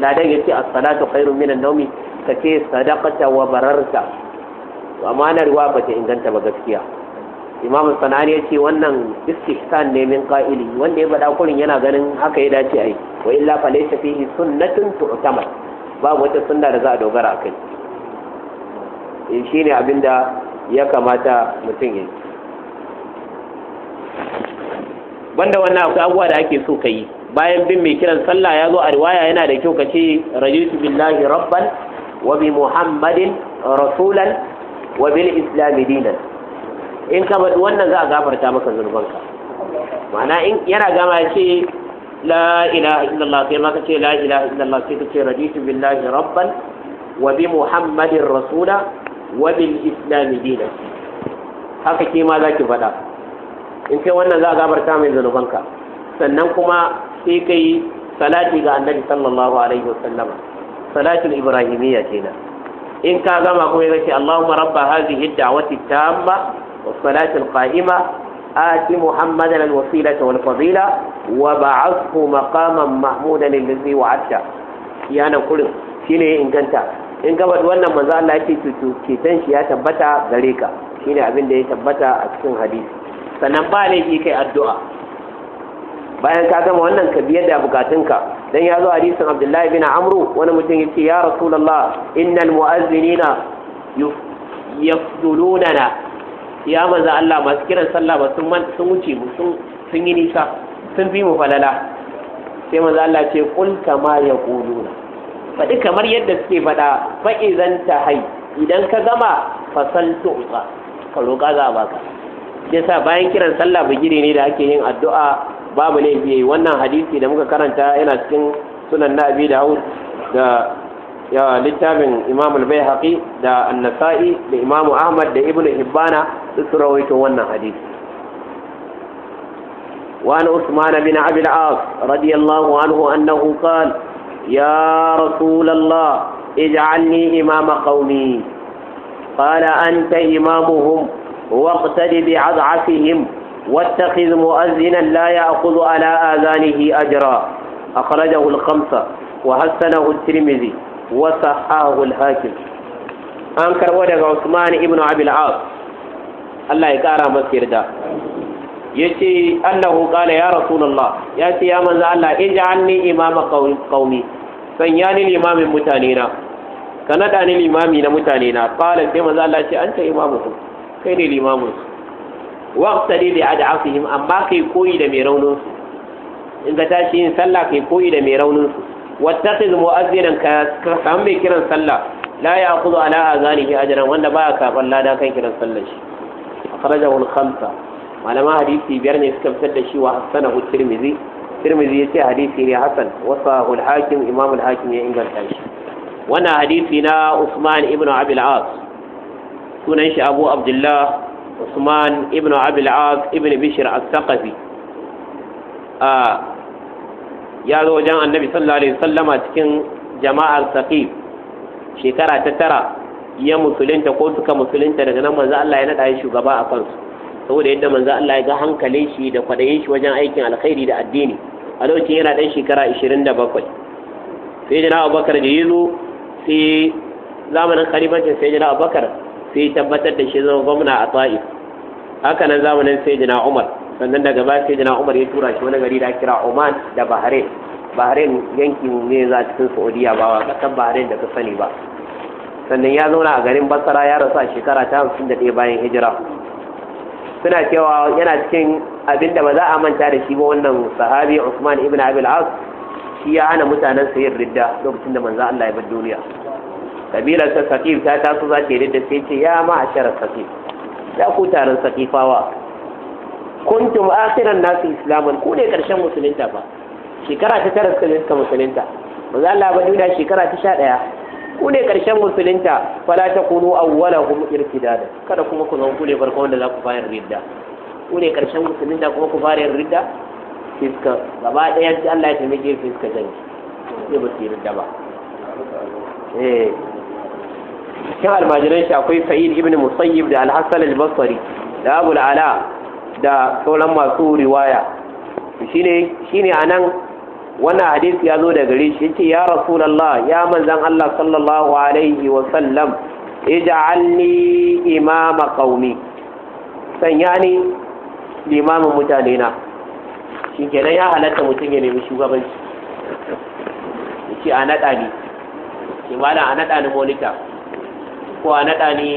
na da yake a salatu khairu minan nawm kace sadaqata wa bararta amma na ruwa bata inganta ba gaskiya imam sanani ya ce wannan istihsan ne min qa'ili wanda ya bada kurin yana ganin haka ya dace ai wa illa fa laysa fihi sunnatun tu'tamad babu wata sunna da za a dogara kai shi eh, shine abinda ya kamata mutum ya banda wannan akwai abubuwa da ake so ka yi bayan bin mai kiran sallah ya zo a riwaya yana da kyau ka ce raditu billahi rabban wa bi muhammadin rasulan wa bil islami dinan in ka faɗi wannan za a gafarta maka zunubanka ma'ana in yana gama ya ce la ilaha illallah sai maka ce la ilaha illallah sai ka ce raditu billahi rabban wa bi muhammadin rasula wa bil islami dinan haka ke ma za ki faɗa in kai wannan za a gabarta mai zanubanka sannan kuma sai kai salati ga annabi sallallahu alaihi sallama. salatul ibrahimiyya kenan in ka gama kuma yace Allahumma rabba hadhihi ad-da'wati tamma was-salati al-qa'ima آت محمدا الوسيلة والفضيلة وبعثه مقاما محمودا الذي وعدته يا نقول شيني إن كنت in gaba wannan manzo Allah yake shi ya tabbata gare ka shine abin da ya tabbata a cikin hadisi sannan ba laifi kai addu'a bayan ka gama wannan ka biyar da bukatunka dan ya zo hadisin Abdullahi bin Amru wani mutum ce ya Rasulullah innal mu'azzinina yafdulunana ya manzo Allah masu kiran sallah ba sun sun wuce mu sun yi nisa sun bi mu falala sai manzo Allah ce qul kama yaquluna faɗi kamar yadda suke faɗa fa idan hai idan ka gama fasal tu'ta ka roƙa za baka yasa bayan kiran sallah bigiri ne da ake yin addu'a babu laifi yayi wannan hadisi da muka karanta yana cikin sunan na abi dawud da ya littafin imam al-baihaqi da an-nasa'i da imam ahmad da ibnu hibbana duk su rawaito wannan hadisi وعن عثمان بن عبد العاص رضي الله عنه أنه قال يا رسول الله اجعلني إمام قومي قال أنت إمامهم واقتد بعضعفهم واتخذ مؤذنا لا a على آذانه أجرا أخرجه الخمسة وحسنه الترمذي وصححه الحاكم أنكر ودغ عثمان ابن أبي العاص الله يقارى مسير ده yace annahu qala ya rasulullah yace ya manzo Allah ij'alni imama qaumi sanya ni limamin mutane na ka nada ni limami na mutane na ce kai ne limamin su waqta ne da ad'afihim amma kai koyi da mai raunin su in ka tashi yin sallah kai koyi da mai raunin su wattakhidh mu'azzinan ka samu mai kiran sallah la ya'khudhu ala azanihi ajran wanda ba karban lada kan kiran sallar shi akhrajahu al-khamsa malama hadisi biyar ne suka fitar da shi wa hasanahu tirmidhi tirmidhi yace hadisi ne hasan wasahu al-hakim imam al-hakim ya inganta shi wannan hadisi na Usman ibn Abi al-As sunan shi abu abdullah usman ibn abil as ibn bishir as-saqafi ya zo wajen annabi sallallahu alaihi wasallama cikin jama'ar saqif shekara ta tara ya musulunta ko suka musulunta daga nan manzo Allah ya nada shugaba a kansu saboda yadda manzo Allah ya ga hankalin shi da kwadayin shi wajen aikin alkhairi da addini a lokacin yana dan shekara 27 sai jana Abubakar da yazo sai zamanin khalifancin sai jana Abubakar sai tabbatar da shi zama gwamna a ta'if haka nan zamanin sayyidina umar sannan daga baya sayyidina umar ya tura shi wani gari da kira oman da bahrain bahrain yankin ne za cikin saudiya ba wa kasar bahrain da ka sani ba sannan ya zauna a garin basara ya rasu a shekara ta hamsin da ɗaya bayan hijira suna cewa yana cikin abinda ba za a manta da shi ba wannan sahabi usman ibn abil as shi ya hana mutanen sayar ridda lokacin da manzo Allah ya bar duniya kabilar ta sakif ta taso za ta da sai ce ya ma a shara sakif ya ku taron sakifawa kuntum akhiran nasu islaman ku ne karshen musulunta ba shekara ta tara suka musulunta manzo Allah ba duniya shekara ta 11 ku ne karshen musulunta fala ta takunu awwalahum irtidada kada kuma ku zama ku ne farkon da za ku fara ridda ku ne karshen musulunta kuma ku fara ridda fiska gaba ɗaya Allah ya taimake fiska janki sai ba su yi ridda ba eh cikin almajiran shi akwai sa'id ibn musayyib da al-hasan al-basri da abul ala da sauran masu riwaya shine shine anan wannan hadisi ya zo da gare shi yace ya rasulullah ya manzon Allah sallallahu alaihi wa sallam ij'alni imama qaumi sanya ni limamin mutane na shi kenan ya halatta mutum ya nemi shugabanci yace a naɗa ne ke malam a naɗa ni monita ko a naɗa ne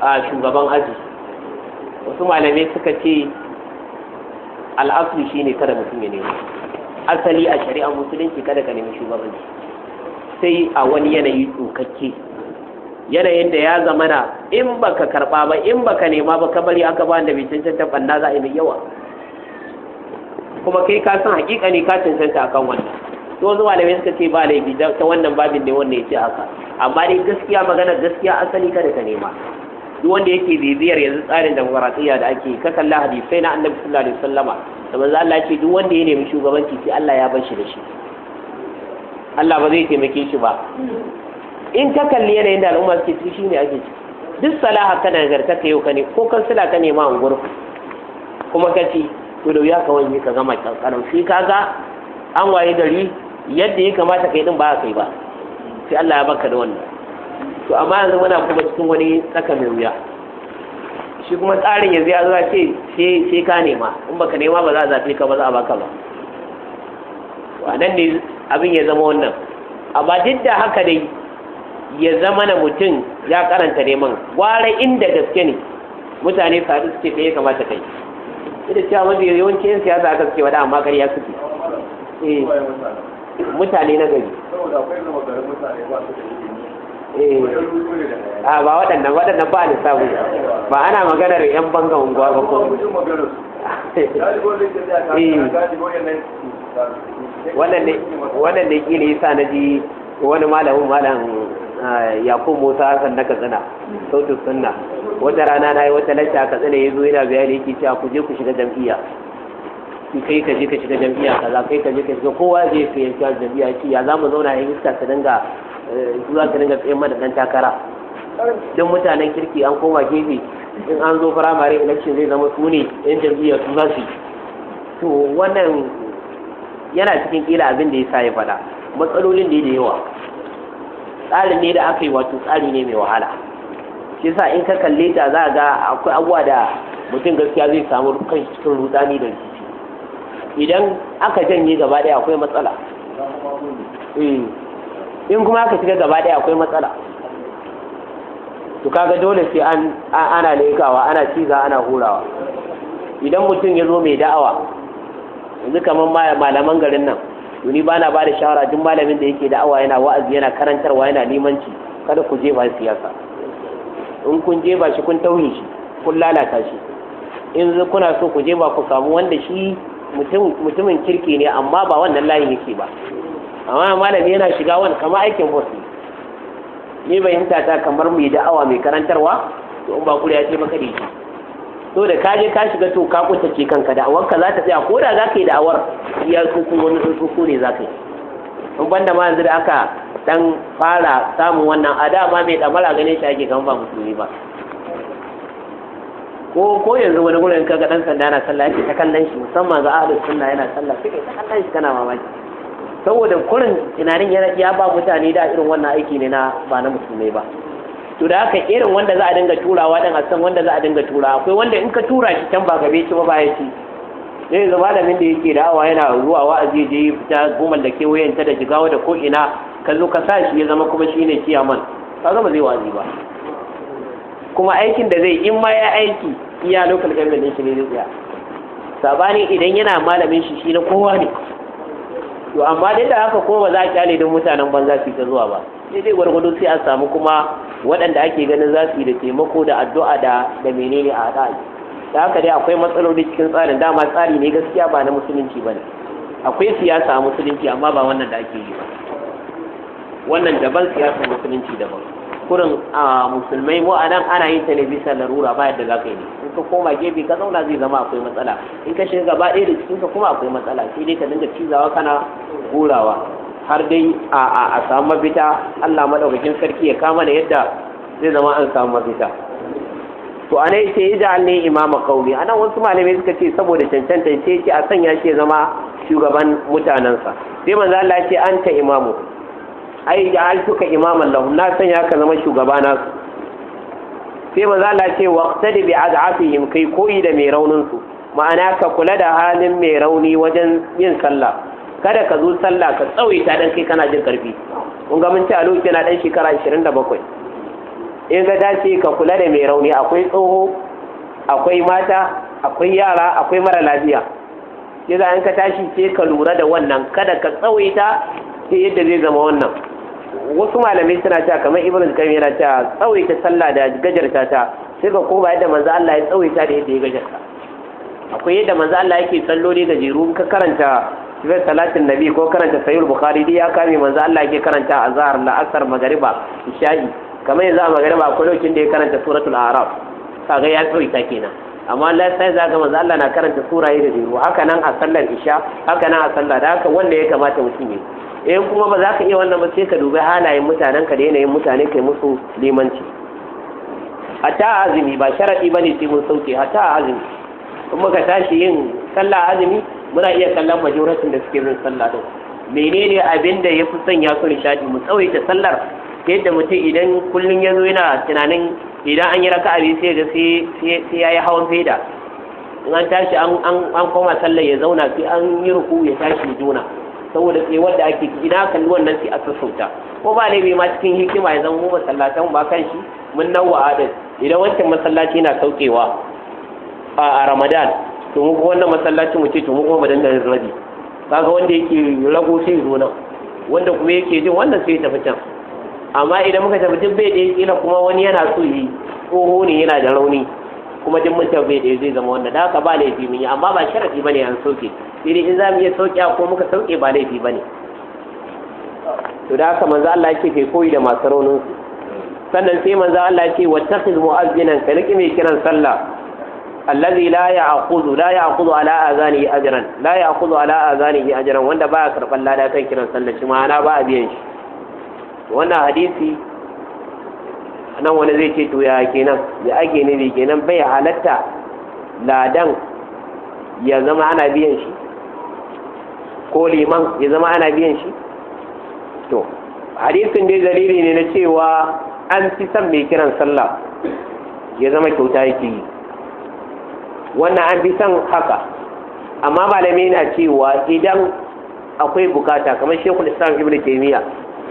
a shugaban aji wasu malamai suka ce al'asu shi ne kada mutum ya nemi asali a shari'a musulunci kada ka nemi shugabanci sai a wani yanayi tsokakke yanayin da ya zama na in baka karɓa ba in baka nema ba ka bari aka ba da bai cancanta banna za a yi mai yawa kuma kai ka san hakika ne ka cancanta akan wannan to wasu malamai suka ce ba laifi ta wannan babin ne wanda ya ce haka amma dai gaskiya magana gaskiya asali kada ka nema duk wanda yake bibiyar yanzu tsarin demokradiyya da ake ka kalla hadisai na annabi sallallahu alaihi wasallama da manzo Allah ce duk wanda ya nemi shugabanci sai Allah ya bar shi da shi Allah ba zai taimake shi ba in ka kalli yanayin da al'umma suke ciki shine ake ciki duk salaha kana nagarta ka yau ka ne ko kansila ka nema an gurfu kuma ka ci to da wuya ka wani ka gama kankanin sai ka ga an waye gari yadda ya kamata kai din ba a kai ba sai Allah ya baka da wannan to amma yanzu muna kuma cikin wani tsaka mai wuya shi kuma tsarin yanzu ya zuwa ce sai ka nema in baka nema ba za a zafi ka ba za a baka ba a nan ne abin ya zama wannan amma duk da haka dai ya zama na mutum ya karanta neman gwara inda gaske ne mutane su suke ɗaya kamata kai ita cewa mafi yawancin siyasa aka suke wada amma kariya suke eh. mutane na gari eh ah, ba waɗannan waɗannan ba da samu ba ana maganar yan banga unguwa ba ko eh. wannan ne kila sa na ji wani malamin malam ah, yakub musa hassan na katsina sautin sunna wata rana na yi wata lacca katsina ya zo yana bayani yake cewa ku je ku shiga jam'iyya kai ka je ka shiga jam'iyya kaza kai ka je ka shiga kowa zai kai shiga jam'iyya ki ya zamu zauna a iska ta dinga eh, zuwa ta dinga tsayin mana dan takara don mutanen kirki an koma gefe in an zo firamare election zai zama su ne yan jam'iyya su za su to wannan yana cikin kila abin da ya sa ya faɗa matsalolin da yawa tsarin ne da aka yi wato tsari ne mai wahala shi sa in ka kalle ta za ga akwai abubuwa da mutum gaskiya zai samu kan cikin rudani da shi idan aka janye gaba ɗaya akwai matsala eh, in kuma aka shiga gaba ɗaya akwai matsala to kaga dole sai an ana lekawa ana ciza ana hurawa idan mutum ya zo mai da'awa yanzu kamar malaman garin nan ni ba na ba da shawara duk malamin da yake da'awa yana wa'azi yana karantarwa yana limanci kada ku jefa siyasa in kun jefa shi kun tauye shi kun lalata shi in kuna so ku jefa ku samu wanda shi mutumin kirki ne amma ba wannan layin yake ba amma malami yana shiga wani kamar aikin boss ne ni hinta ta kamar mai da'awa mai karantarwa to in ba kuri ya ce maka da shi to da ka je ka shiga to ka ce kanka da, ka za ta tsaya ko da za ka yi da'awar iya tsoko wani tsoko ne za ka yi in banda ma yanzu da aka dan fara samun wannan ma mai a ganin shi ake kan ba musulmi ba ko ko yanzu wani gurin ga dan sanda yana sallah yake ta kallon shi musamman ga ahlus sunna yana sallah sai ta kallon shi kana mamaki saboda kurin tunanin ya ba mutane da irin wannan aiki ne na ba na musulmai ba to da haka irin wanda za a dinga turawa dan asan wanda za a dinga turawa akwai wanda in ka tura shi can ba gabe shi ba ba ya ci da malamin da yake da'awa yana ruwa wa'azi je fita goma da kewayenta da jigawa da ko ina ka zo ka sa ya zama kuma shine ciyaman ka zama zai wazi ba kuma aikin da zai in ma ya aiki iya local government din shi ne zai iya sabani idan yana malamin shi shi na kowa ne to amma dai da haka kowa ba za a kyale don mutanen banza su ta zuwa ba sai dai gwargwado sai a samu kuma waɗanda ake ganin za su yi da taimako da addu'a da da menene a haɗa da haka dai akwai matsaloli cikin tsarin dama tsari ne gaskiya ba na musulunci ba ne akwai siyasa a musulunci amma ba wannan da ake yi ba wannan daban siyasa musulunci daban kurin a musulmai mu a nan ana yin ta ne bisa larura ba yadda za ka yi in ka koma gefe ka zauna zai zama akwai matsala in ka shiga gaba ɗaya da cikinka kuma akwai matsala sai dai ka dinga cizawa kana hurawa har dai a samu mafita Allah madaukakin sarki ya kama da yadda zai zama an samu mafita to ana ce ija'al ne imama a nan wasu malamai suka ce saboda cancanta sai ce a sanya shi ya zama shugaban mutanensa sai manzo Allah ya ce anta imamu ai ya alfuka imaman lahu na sanya ka zama shugaba na su sai maza Allah ce waqtadi bi az'afihim kai koyi da mai raunin su ma'ana ka kula da halin mai rauni wajen yin sallah kada ka zo sallah ka tsawaita dan kai kana jin karfi kun ga mun ci a lokacin na dan shekara 27 in ga dace ka kula da mai rauni akwai tsoho akwai mata akwai yara akwai mara lafiya sai za ka tashi sai ka lura da wannan kada ka tsawaita sai yadda zai zama wannan wasu malamai suna cewa kamar Ibrahim qayyim yana cewa tsawaita sallah da gajarta ta sai ka koma yadda manzo Allah ya tsawaita da yadda ya gajarta akwai yadda manzo Allah yake da gajeru ka karanta sai salatin nabi ko karanta sayyid bukhari dai ya kame manzo Allah yake karanta azhar la'asar magriba isha'i kamar yanzu a magariba akwai lokacin da ya karanta suratul araf kaga ya tsawaita kenan amma Allah sai za ga manzo Allah na karanta sura da jiru haka nan a sallar isha haka nan a sallah da haka wanda ya kamata mutum ya yi in eh, kuma ba za ka iya wannan ba sai ka dubi halayen mutanen ka da yanayin mutane kai musu limanci hatta azumi ba sharadi bane sai mun sauke hatta azumi Kuma muka tashi yin sallah azumi muna iya kallon majoratin da suke yin sallah din menene abin da ya fi sanya su nishadi mu tsawaita sallar ta yadda mutum idan kullum ya zo yana tunanin idan an yi raka abin sai ga sai ya yi hawan feda in an tashi an koma sallar ya zauna sai an yi ruku ya tashi juna saboda tsewar da ake ina kalli wannan sai a sassauta ko ba laifi ma cikin hikima ya zama mu masallatan ba kan shi mun nawa adad idan wancan masallaci yana saukewa a ramadan to mu ko wannan masallaci mu ce to mu ko ba dangan rabi kaga wanda yake rago sai zo nan wanda kuma yake jin wannan sai ya tafi can amma idan muka tafi duk bai ɗaya kila kuma wani yana so yi tsoho ne yana da rauni kuma duk mutum bai ɗaya zai zama wannan da haka ba laifi mun yi amma ba sharafi bane an soke sai in za mu iya a ko muka sauƙe ba laifi ba ne to da haka manzo Allah yake kai koyi da masu raunin su sannan sai manzo Allah yake wattakhiz mu'azzinan ka riki mai kiran sallah allazi la ya'khudhu la ya'khudhu ala azanihi ajran la ya'khudhu ala azanihi ajran wanda baya karban lada kan kiran sallah shi ma'ana ba a biyan shi wannan hadisi nan wani zai ce to ya kenan ya ake ne kenan bai halatta ladan ya zama ana biyan shi ko liman ya zama ana biyan shi to hadisin dai dalili ne na cewa an fi son mai kiran sallah ya zama kyauta yake yi wannan an fi son haka amma malamai na cewa idan akwai bukata kamar shekul islam ibn taimiyya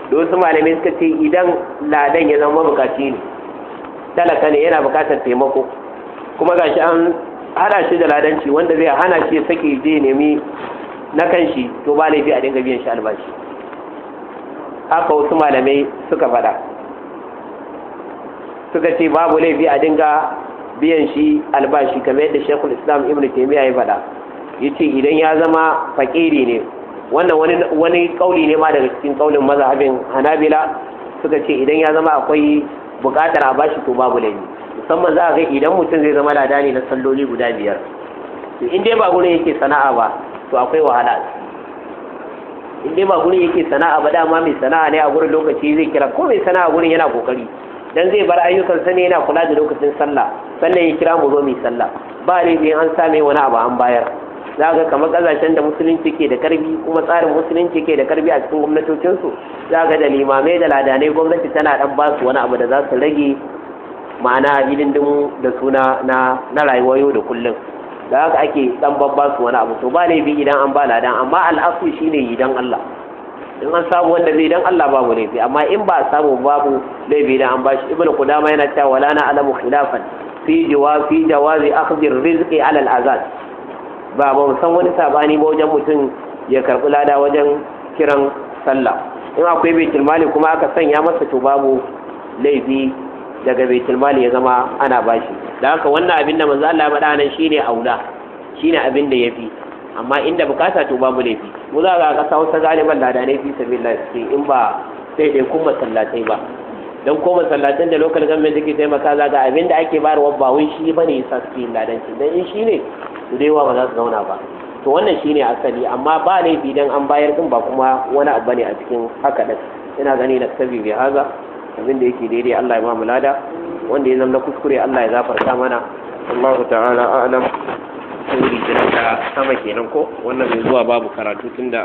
da wasu malamai suka ce idan ladan ya zama bukaci ne talaka ne yana bukatar taimako kuma gashi an hada shi da ladanci wanda zai hana shi sake je nemi na kan shi to ba laifi a dinga biyan shi albashi haka wasu malamai suka faɗa suka ce babu laifi a dinga biyan shi albashi kamar yadda shekul islam ibn taimiyya ya faɗa ya ce idan ya zama fakiri ne wannan wani kauli ne ma daga cikin kaulin mazhabin hanabila suka ce idan ya zama akwai buƙatar a bashi to babu laifi musamman za a ga idan mutum zai zama ladani na salloli guda biyar in dai ba gurin yake sana'a ba to akwai wahala in dai ba gurin yake sana'a ba dama mai sana'a ne a gurin lokaci zai kira ko mai sana'a gurin yana kokari dan zai bar ayyukan sa ne yana kula da lokacin sallah sannan ya kira mu zo mai sallah ba ne an same wani abu an bayar za ga kamar kasashen da musulunci ke da karbi kuma tsarin musulunci ke da karbi a cikin gwamnatocinsu za ga da limamai da ladanai gwamnati tana dan ba su wani abu da za su rage ma'ana hidindimu da suna na rayuwar yau da kullum da haka ake dan babba su wani abu to ba laifi idan an ba ladan amma al'asu shine ne dan Allah in an samu wanda zai dan Allah babu laifi amma in ba a samu babu laifi idan an bashi ibnu kudama yana cewa wala na alamu khilafan fi jawazi fi jawazi akhdhi rizqi ala al ba ba san wani sabani ba wajen mutum ya karbi lada wajen kiran sallah in akwai baitul mali kuma aka sanya masa to babu laifi daga baitul mali ya zama ana bashi da haka wannan abin da manzo Allah ya faɗa nan shine aula shine abin da yafi amma inda bukata to babu laifi mu za ga kasa wata galiban ladanai fi sabilla sai in ba sai dai kuma masallatai ba dan ko masallatan da local government take taimaka za ga abin da ake bayarwa ba wai shi bane yasa suke ladanci dan in shine su da ba za su zauna ba to wannan shine asali amma ba laifi dan an bayar din ba kuma wani abu bane a cikin haka din ina gani na sabibi haza abin da yake daidai Allah ya ba mu lada wanda ya zama kuskure Allah ya zafarta mana Allah ta'ala a'lam sai da sama kenan ko wannan mai zuwa babu karatu tunda